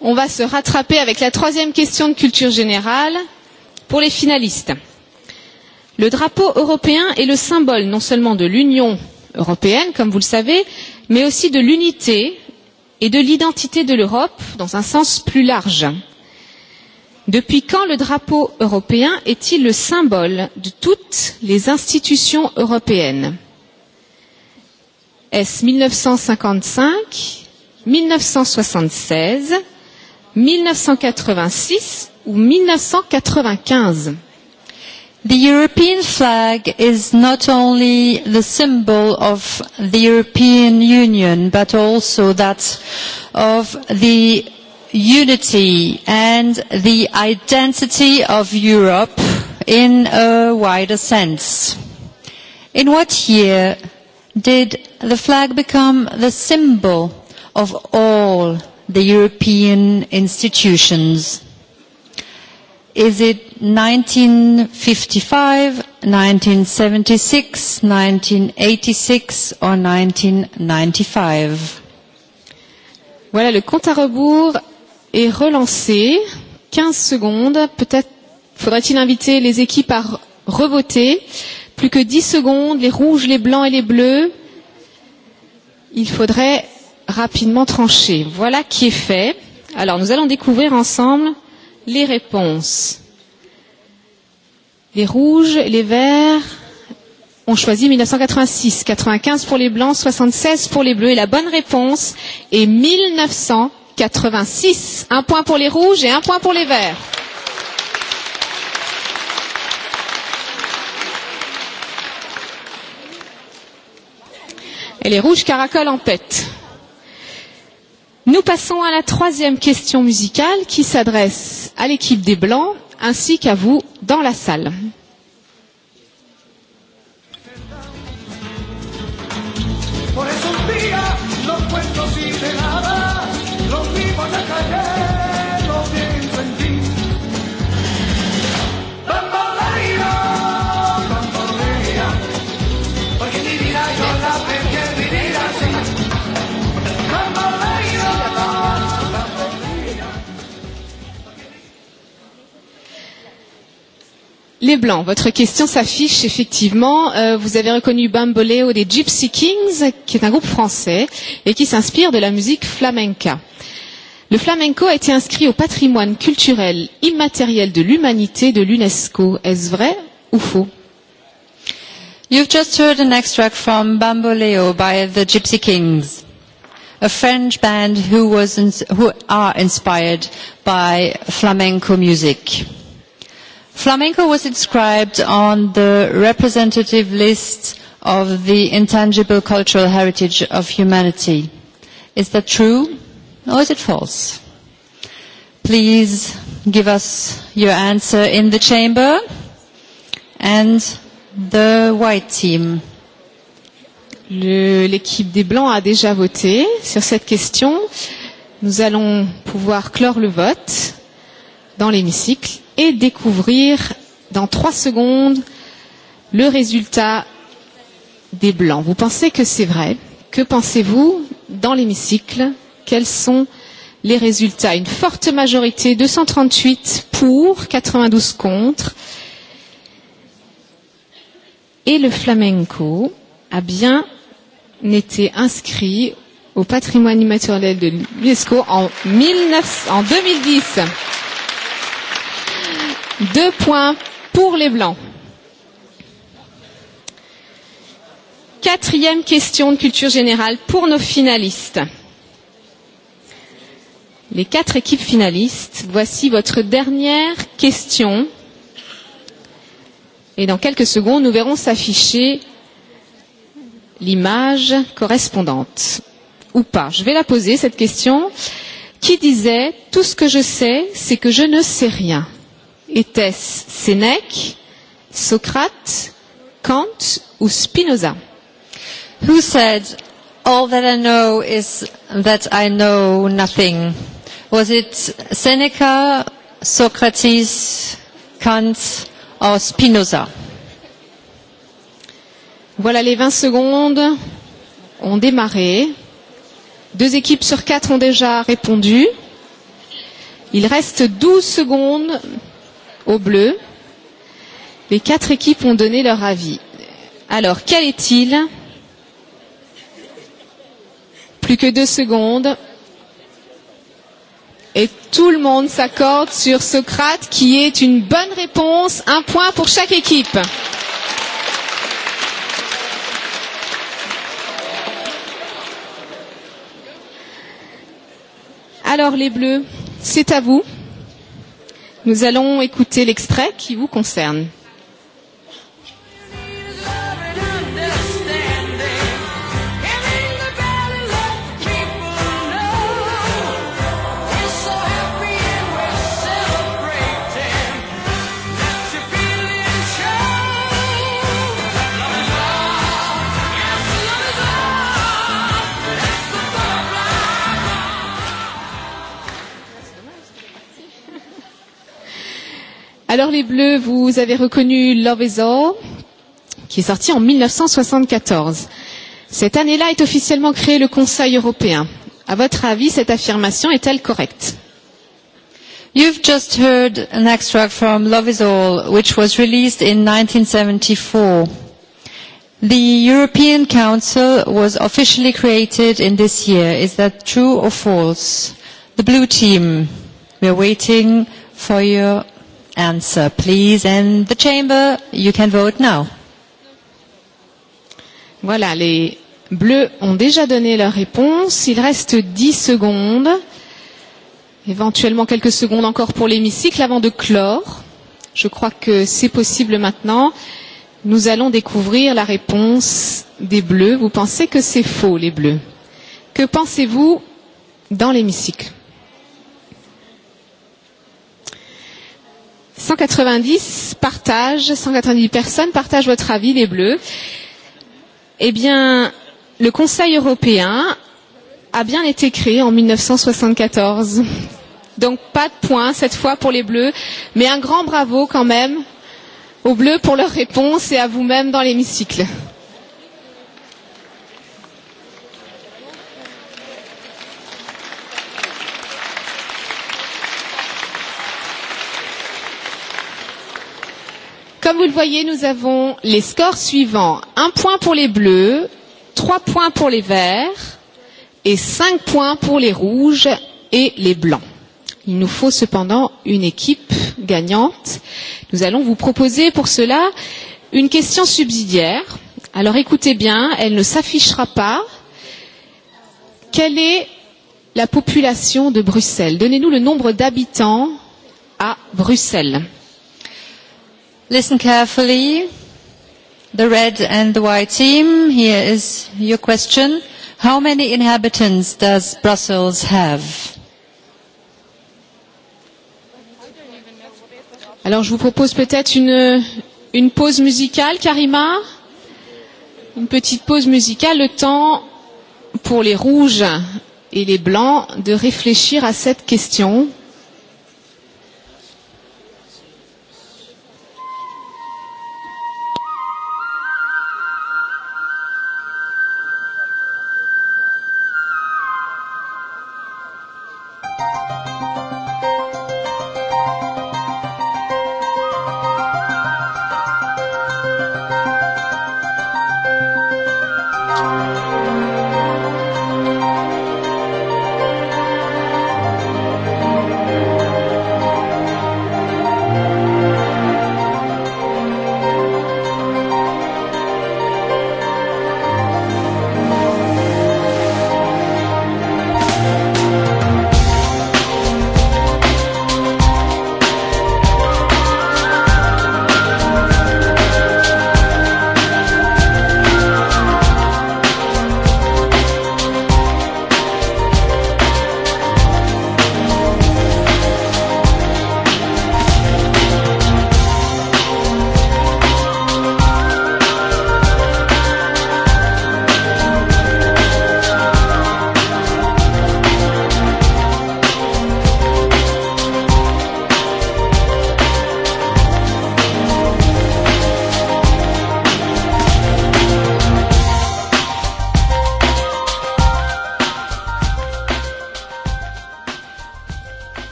On va se rattraper avec la troisième question de culture générale pour les finalistes. Le drapeau européen est le symbole non seulement de l'Union européenne, comme vous le savez, mais aussi de l'unité et de l'identité de l'Europe dans un sens plus large. Depuis quand le drapeau européen est-il le symbole de toutes les institutions européennes Est-ce 1955, 1976, 1986 ou 1995 The European flag is not only the symbol of the European Union, but also that of the unity and the identity of Europe in a wider sense. In what year did the flag become the symbol of all the European institutions? Is it 1955, 1976, 1986 or 1995? Voilà, le compte à rebours est relancé. 15 secondes. Peut-être faudrait-il inviter les équipes à revoter. Plus que 10 secondes, les rouges, les blancs et les bleus. Il faudrait rapidement trancher. Voilà qui est fait. Alors, nous allons découvrir ensemble les réponses. Les rouges, les verts ont choisi 1986, 95 pour les blancs, 76 pour les bleus. Et la bonne réponse est 1986. Un point pour les rouges et un point pour les verts. Et les rouges caracolent en tête. Nous passons à la troisième question musicale qui s'adresse à l'équipe des Blancs ainsi qu'à vous dans la salle. Les Blancs, votre question s'affiche effectivement. Euh, vous avez reconnu Bamboleo des Gypsy Kings, qui est un groupe français et qui s'inspire de la musique flamenca. Le flamenco a été inscrit au patrimoine culturel immatériel de l'humanité de l'UNESCO. Est-ce vrai ou faux You've just heard an extract from Bamboleo by the Gypsy Kings, a French band who, was who are inspired by flamenco music. Flamenco was inscribed on the representative list of the intangible cultural heritage of humanity. Is that true or is it false? Please give us your answer in the chamber and the white team. L'équipe des Blancs a déjà voté sur cette question. Nous allons pouvoir clore le vote dans l'hémicycle et découvrir dans trois secondes le résultat des blancs. Vous pensez que c'est vrai Que pensez-vous dans l'hémicycle Quels sont les résultats Une forte majorité, 238 pour, 92 contre. Et le flamenco a bien été inscrit au patrimoine immatériel de l'UNESCO en, 19... en 2010. Deux points pour les Blancs. Quatrième question de culture générale pour nos finalistes. Les quatre équipes finalistes, voici votre dernière question. Et dans quelques secondes, nous verrons s'afficher l'image correspondante. Ou pas. Je vais la poser, cette question. Qui disait Tout ce que je sais, c'est que je ne sais rien Était-ce Sénèque, Socrate, Kant ou Spinoza? Who said, all that I know is that I know nothing? Was it Seneca, Socrates, Kant or Spinoza? Voilà, les 20 secondes ont démarré. Deux équipes sur quatre ont déjà répondu. Il reste 12 secondes au bleu. Les quatre équipes ont donné leur avis. Alors, quel est-il Plus que deux secondes. Et tout le monde s'accorde sur Socrate, qui est une bonne réponse. Un point pour chaque équipe. Alors les bleus, c'est à vous. Nous allons écouter l'extrait qui vous concerne. Alors les Bleus, vous avez reconnu Love is All, qui est sorti en 1974. Cette année-là est officiellement créé le Conseil européen. À votre avis, cette affirmation est-elle correcte You've just heard an extract from Love is All, which was released in 1974. The European Council was officially created in this year. Is that true or false? The blue team, we are waiting for your answer, please. And the chamber, you can vote now. Voilà, les bleus ont déjà donné leur réponse. Il reste 10 secondes, éventuellement quelques secondes encore pour l'hémicycle avant de clore. Je crois que c'est possible maintenant. Nous allons découvrir la réponse des bleus. Vous pensez que c'est faux, les bleus. Que pensez-vous dans l'hémicycle 190 partagent, 190 personnes partagent votre avis, les Bleus. Eh bien, le Conseil européen a bien été créé en 1974. Donc pas de points cette fois pour les Bleus, mais un grand bravo quand même aux Bleus pour leur réponse et à vous-même dans l'hémicycle. Comme vous le voyez, nous avons les scores suivants. Un point pour les bleus, trois points pour les verts et cinq points pour les rouges et les blancs. Il nous faut cependant une équipe gagnante. Nous allons vous proposer pour cela une question subsidiaire. Alors écoutez bien, elle ne s'affichera pas. Quelle est la population de Bruxelles Donnez-nous le nombre d'habitants à Bruxelles. Listen carefully. The red and the white team, here is your question. How many inhabitants does Brussels have? Alors je vous propose peut-être une, une pause musicale, Karima. Une petite pause musicale, le temps pour les rouges et les blancs de réfléchir à cette question.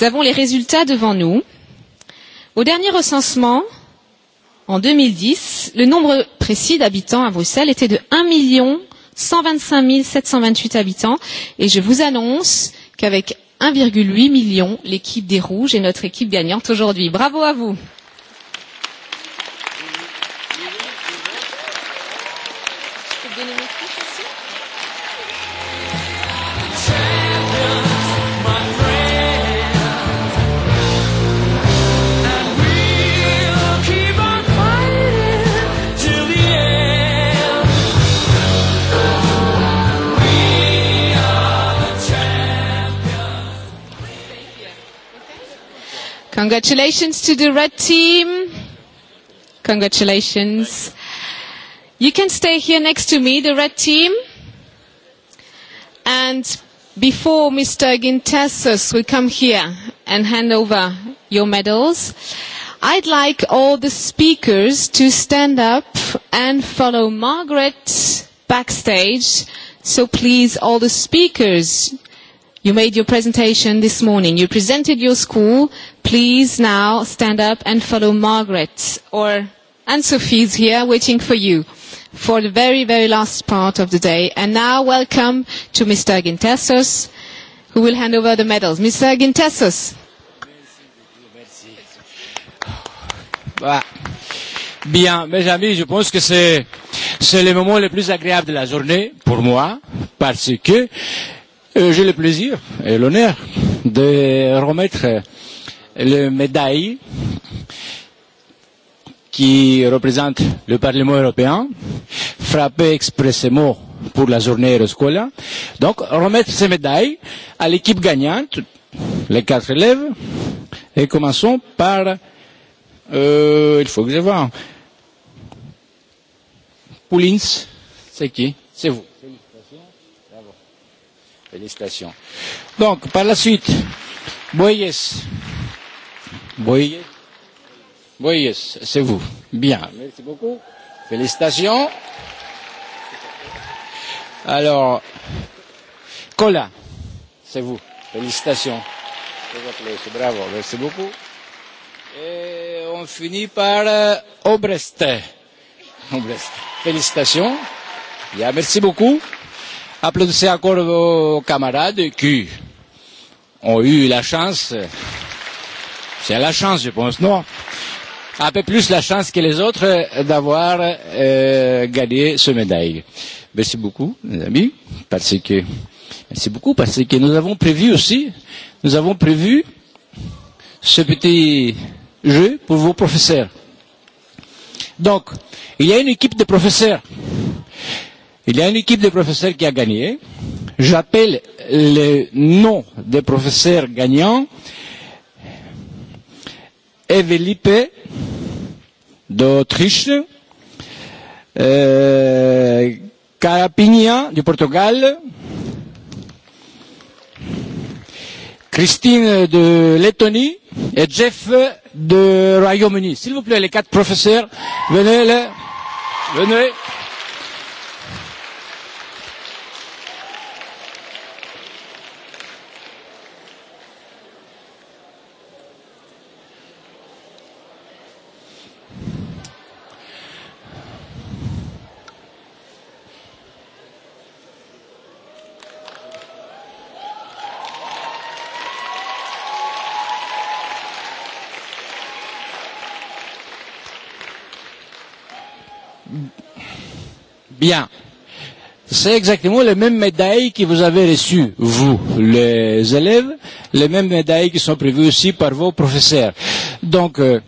Nous avons les résultats devant nous. Au dernier recensement, en 2010, le nombre précis d'habitants à Bruxelles était de 1 million 125 728 habitants et je vous annonce qu'avec 1,8 million, l'équipe des Rouges est notre équipe gagnante aujourd'hui. Bravo à vous. Congratulations to the red team. Congratulations. You can stay here next to me, the red team. And before Mr. Gintasos will come here and hand over your medals, I'd like all the speakers to stand up and follow Margaret backstage. So please, all the speakers, you made your presentation this morning. You presented your school please now stand up and follow Margaret or Anne-Sophie's here waiting for you for the very, very last part of the day. And now welcome to Mr. Gintessos, who will hand over the medals. Mr. Gintessos. Bien, mes amis, je pense que c'est, c'est le moment le plus agréable de la journée pour moi, parce que euh, j'ai le plaisir et l'honneur de remettre euh, le médaille qui représente le Parlement européen, frappé expressément pour la journée Euroscola. Donc, remettre ces médailles à l'équipe gagnante, les quatre élèves, et commençons par, euh, il faut que je vois, Poulins, c'est qui C'est vous. Félicitations. Donc, par la suite, Boyes, Boyer Boyer, c'est vous. Bien, merci beaucoup. Félicitations. Alors, Colin, c'est vous. Félicitations. Bravo, merci beaucoup. Et on finit par Obrest. Obrest. Félicitations. Bien, merci beaucoup. Applaudissez encore vos camarades qui ont eu la chance C'est la chance, je pense, non Un peu plus la chance que les autres d'avoir euh, gagné ce médaille. Merci beaucoup, mes amis, parce que merci beaucoup parce que nous avons prévu aussi, nous avons prévu ce petit jeu pour vos professeurs. Donc, il y a une équipe de professeurs. Il y a une équipe de professeurs qui a gagné. J'appelle le nom des professeurs gagnants Evelipe d'Autriche, euh, Carapinha du Portugal, Christine de Lettonie et Jeff de Royaume-Uni. S'il vous plaît, les quatre professeurs, venez, les, venez. Bien. C'est exactement les mêmes médailles que vous avez reçues, vous, les élèves, les mêmes médailles qui sont prévues aussi par vos professeurs. Donc, euh,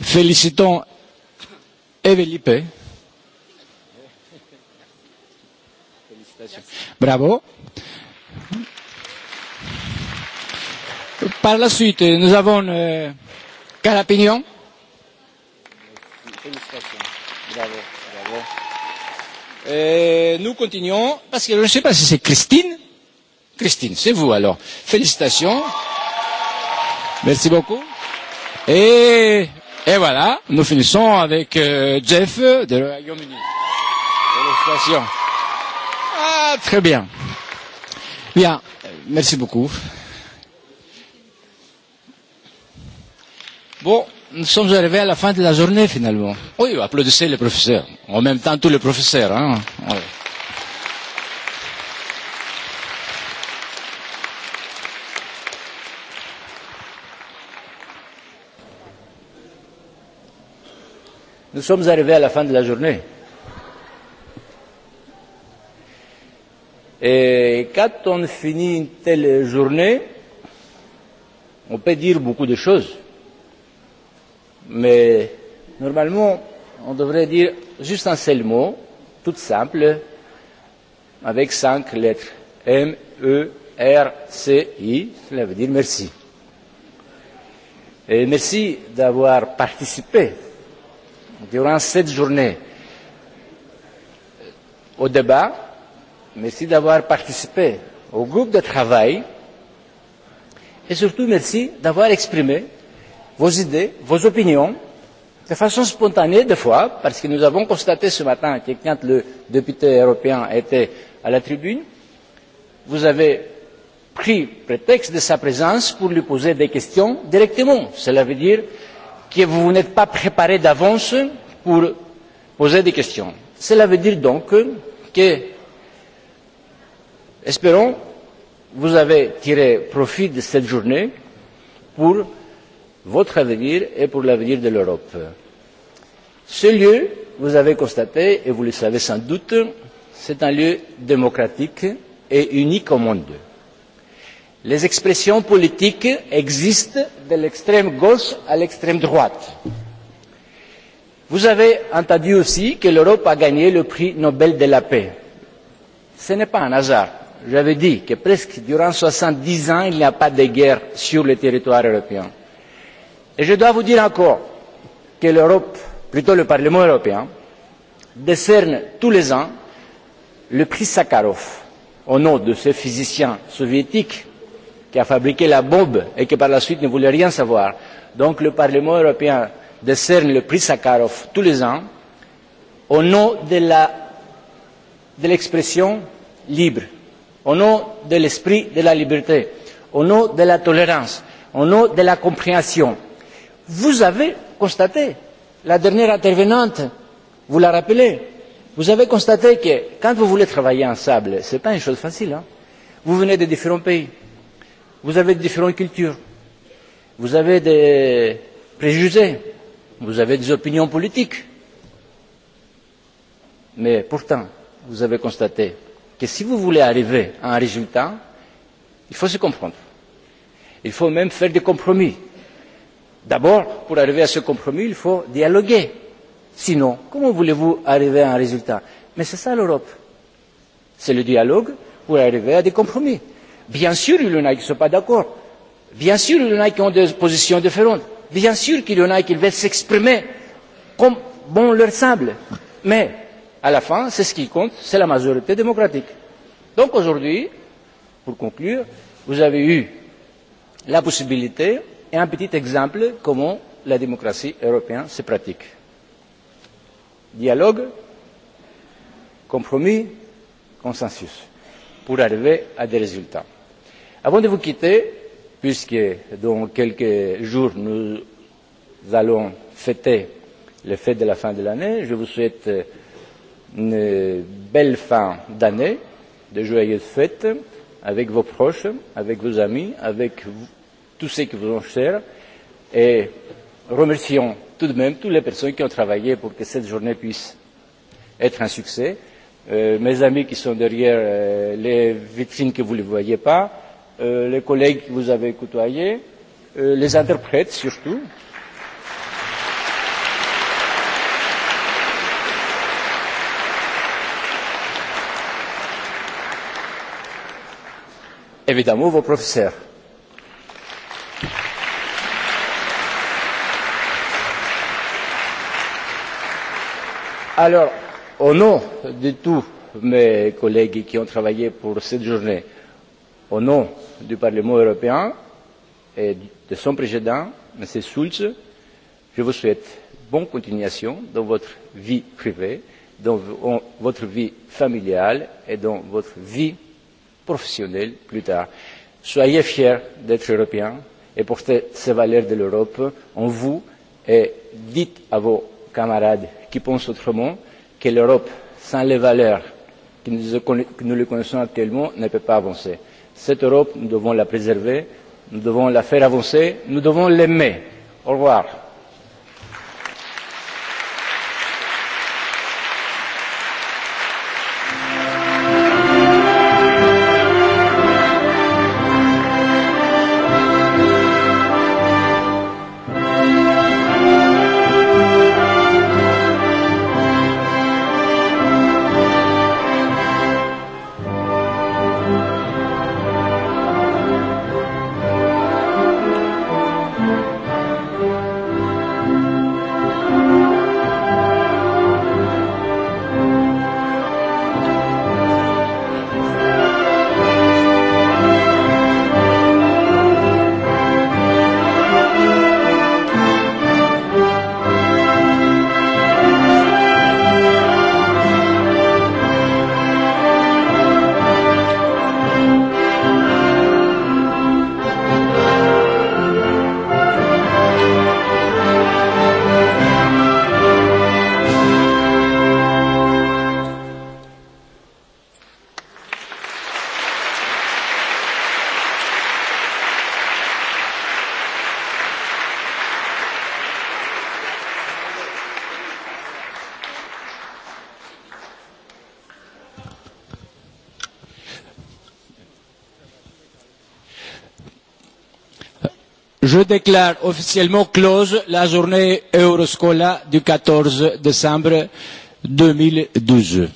félicitons Evelipe. Bravo. Par la suite, nous avons euh, Carapignon. Félicitations. Bravo, bravo. Et nous continuons, parce que je ne sais pas si c'est Christine. Christine, c'est vous alors. Félicitations. Merci beaucoup. Et, et voilà, nous finissons avec euh, Jeff de Royaume-Uni. Félicitations. Ah, très bien. Bien, merci beaucoup. Bon, nous sommes arrivés à la fin de la journée finalement. Oui, applaudissez les professeurs. En même temps, tous les professeurs. Hein. Oui. Nous sommes arrivés à la fin de la journée. Et quand on finit une telle journée, on peut dire beaucoup de choses Mais normalement, on devrait dire juste un seul mot, tout simple, avec cinq lettres. M, E, R, C, I. Cela veut dire merci. Et merci d'avoir participé durant cette journée au débat. Merci d'avoir participé au groupe de travail. Et surtout, merci d'avoir exprimé vos idées, vos opinions, de façon spontanée des fois, parce que nous avons constaté ce matin que quand le député européen était à la tribune, vous avez pris prétexte de sa présence pour lui poser des questions directement. Cela veut dire que vous n'êtes pas préparé d'avance pour poser des questions. Cela veut dire donc que, espérons, vous avez tiré profit de cette journée pour votre avenir et pour l'avenir de l'Europe. Ce lieu, vous avez constaté, et vous le savez sans doute, c'est un lieu démocratique et unique au monde. Les expressions politiques existent de l'extrême gauche à l'extrême droite. Vous avez entendu aussi que l'Europe a gagné le prix Nobel de la paix. Ce n'est pas un hasard. J'avais dit que presque durant soixante dix ans, il n'y a pas de guerre sur le territoire européen et je dois vous dire encore que l'europe plutôt le parlement européen décerne tous les ans le prix sakharov au nom de ce physicien soviétique qui a fabriqué la bombe et qui par la suite ne voulait rien savoir. donc le parlement européen décerne le prix sakharov tous les ans au nom de l'expression libre au nom de l'esprit de la liberté au nom de la tolérance au nom de la compréhension vous avez constaté, la dernière intervenante, vous l'a rappelé, vous avez constaté que quand vous voulez travailler ensemble, ce n'est pas une chose facile. Hein. Vous venez de différents pays, vous avez de différentes cultures, vous avez des préjugés, vous avez des opinions politiques. Mais pourtant, vous avez constaté que si vous voulez arriver à un résultat, il faut se comprendre. Il faut même faire des compromis D'abord, pour arriver à ce compromis, il faut dialoguer. Sinon, comment voulez-vous arriver à un résultat Mais c'est ça l'Europe. C'est le dialogue pour arriver à des compromis. Bien sûr, il y en a qui ne sont pas d'accord. Bien sûr, il y en a qui ont des positions différentes. Bien sûr qu'il y en a qui veulent s'exprimer comme bon leur semble. Mais, à la fin, c'est ce qui compte, c'est la majorité démocratique. Donc aujourd'hui, pour conclure, vous avez eu la possibilité et un petit exemple de comment la démocratie européenne se pratique. Dialogue, compromis, consensus pour arriver à des résultats. Avant de vous quitter, puisque dans quelques jours nous allons fêter les fêtes de la fin de l'année, je vous souhaite une belle fin d'année, de joyeuses fêtes avec vos proches, avec vos amis, avec tous ceux qui vous ont cher et remercions tout de même toutes les personnes qui ont travaillé pour que cette journée puisse être un succès. mes amis qui sont derrière les vitrines que vous ne voyez pas, les collègues que vous avez côtoyés, les interprètes surtout. Évidemment, vos professeurs. Alors, au nom de tous mes collègues qui ont travaillé pour cette journée, au nom du Parlement européen et de son président, M. Schulz, je vous souhaite bonne continuation dans votre vie privée, dans votre vie familiale et dans votre vie professionnelle plus tard. Soyez fiers d'être européens et portez ces valeurs de l'Europe en vous et dites à vos camarades qui pensent autrement, que l'Europe, sans les valeurs que nous, les connaissons actuellement, ne peut pas avancer. Cette Europe, nous devons la préserver, nous devons la faire avancer, nous devons l'aimer. Au revoir. déclare officiellement close la journée Euroscola du 14 décembre 2012.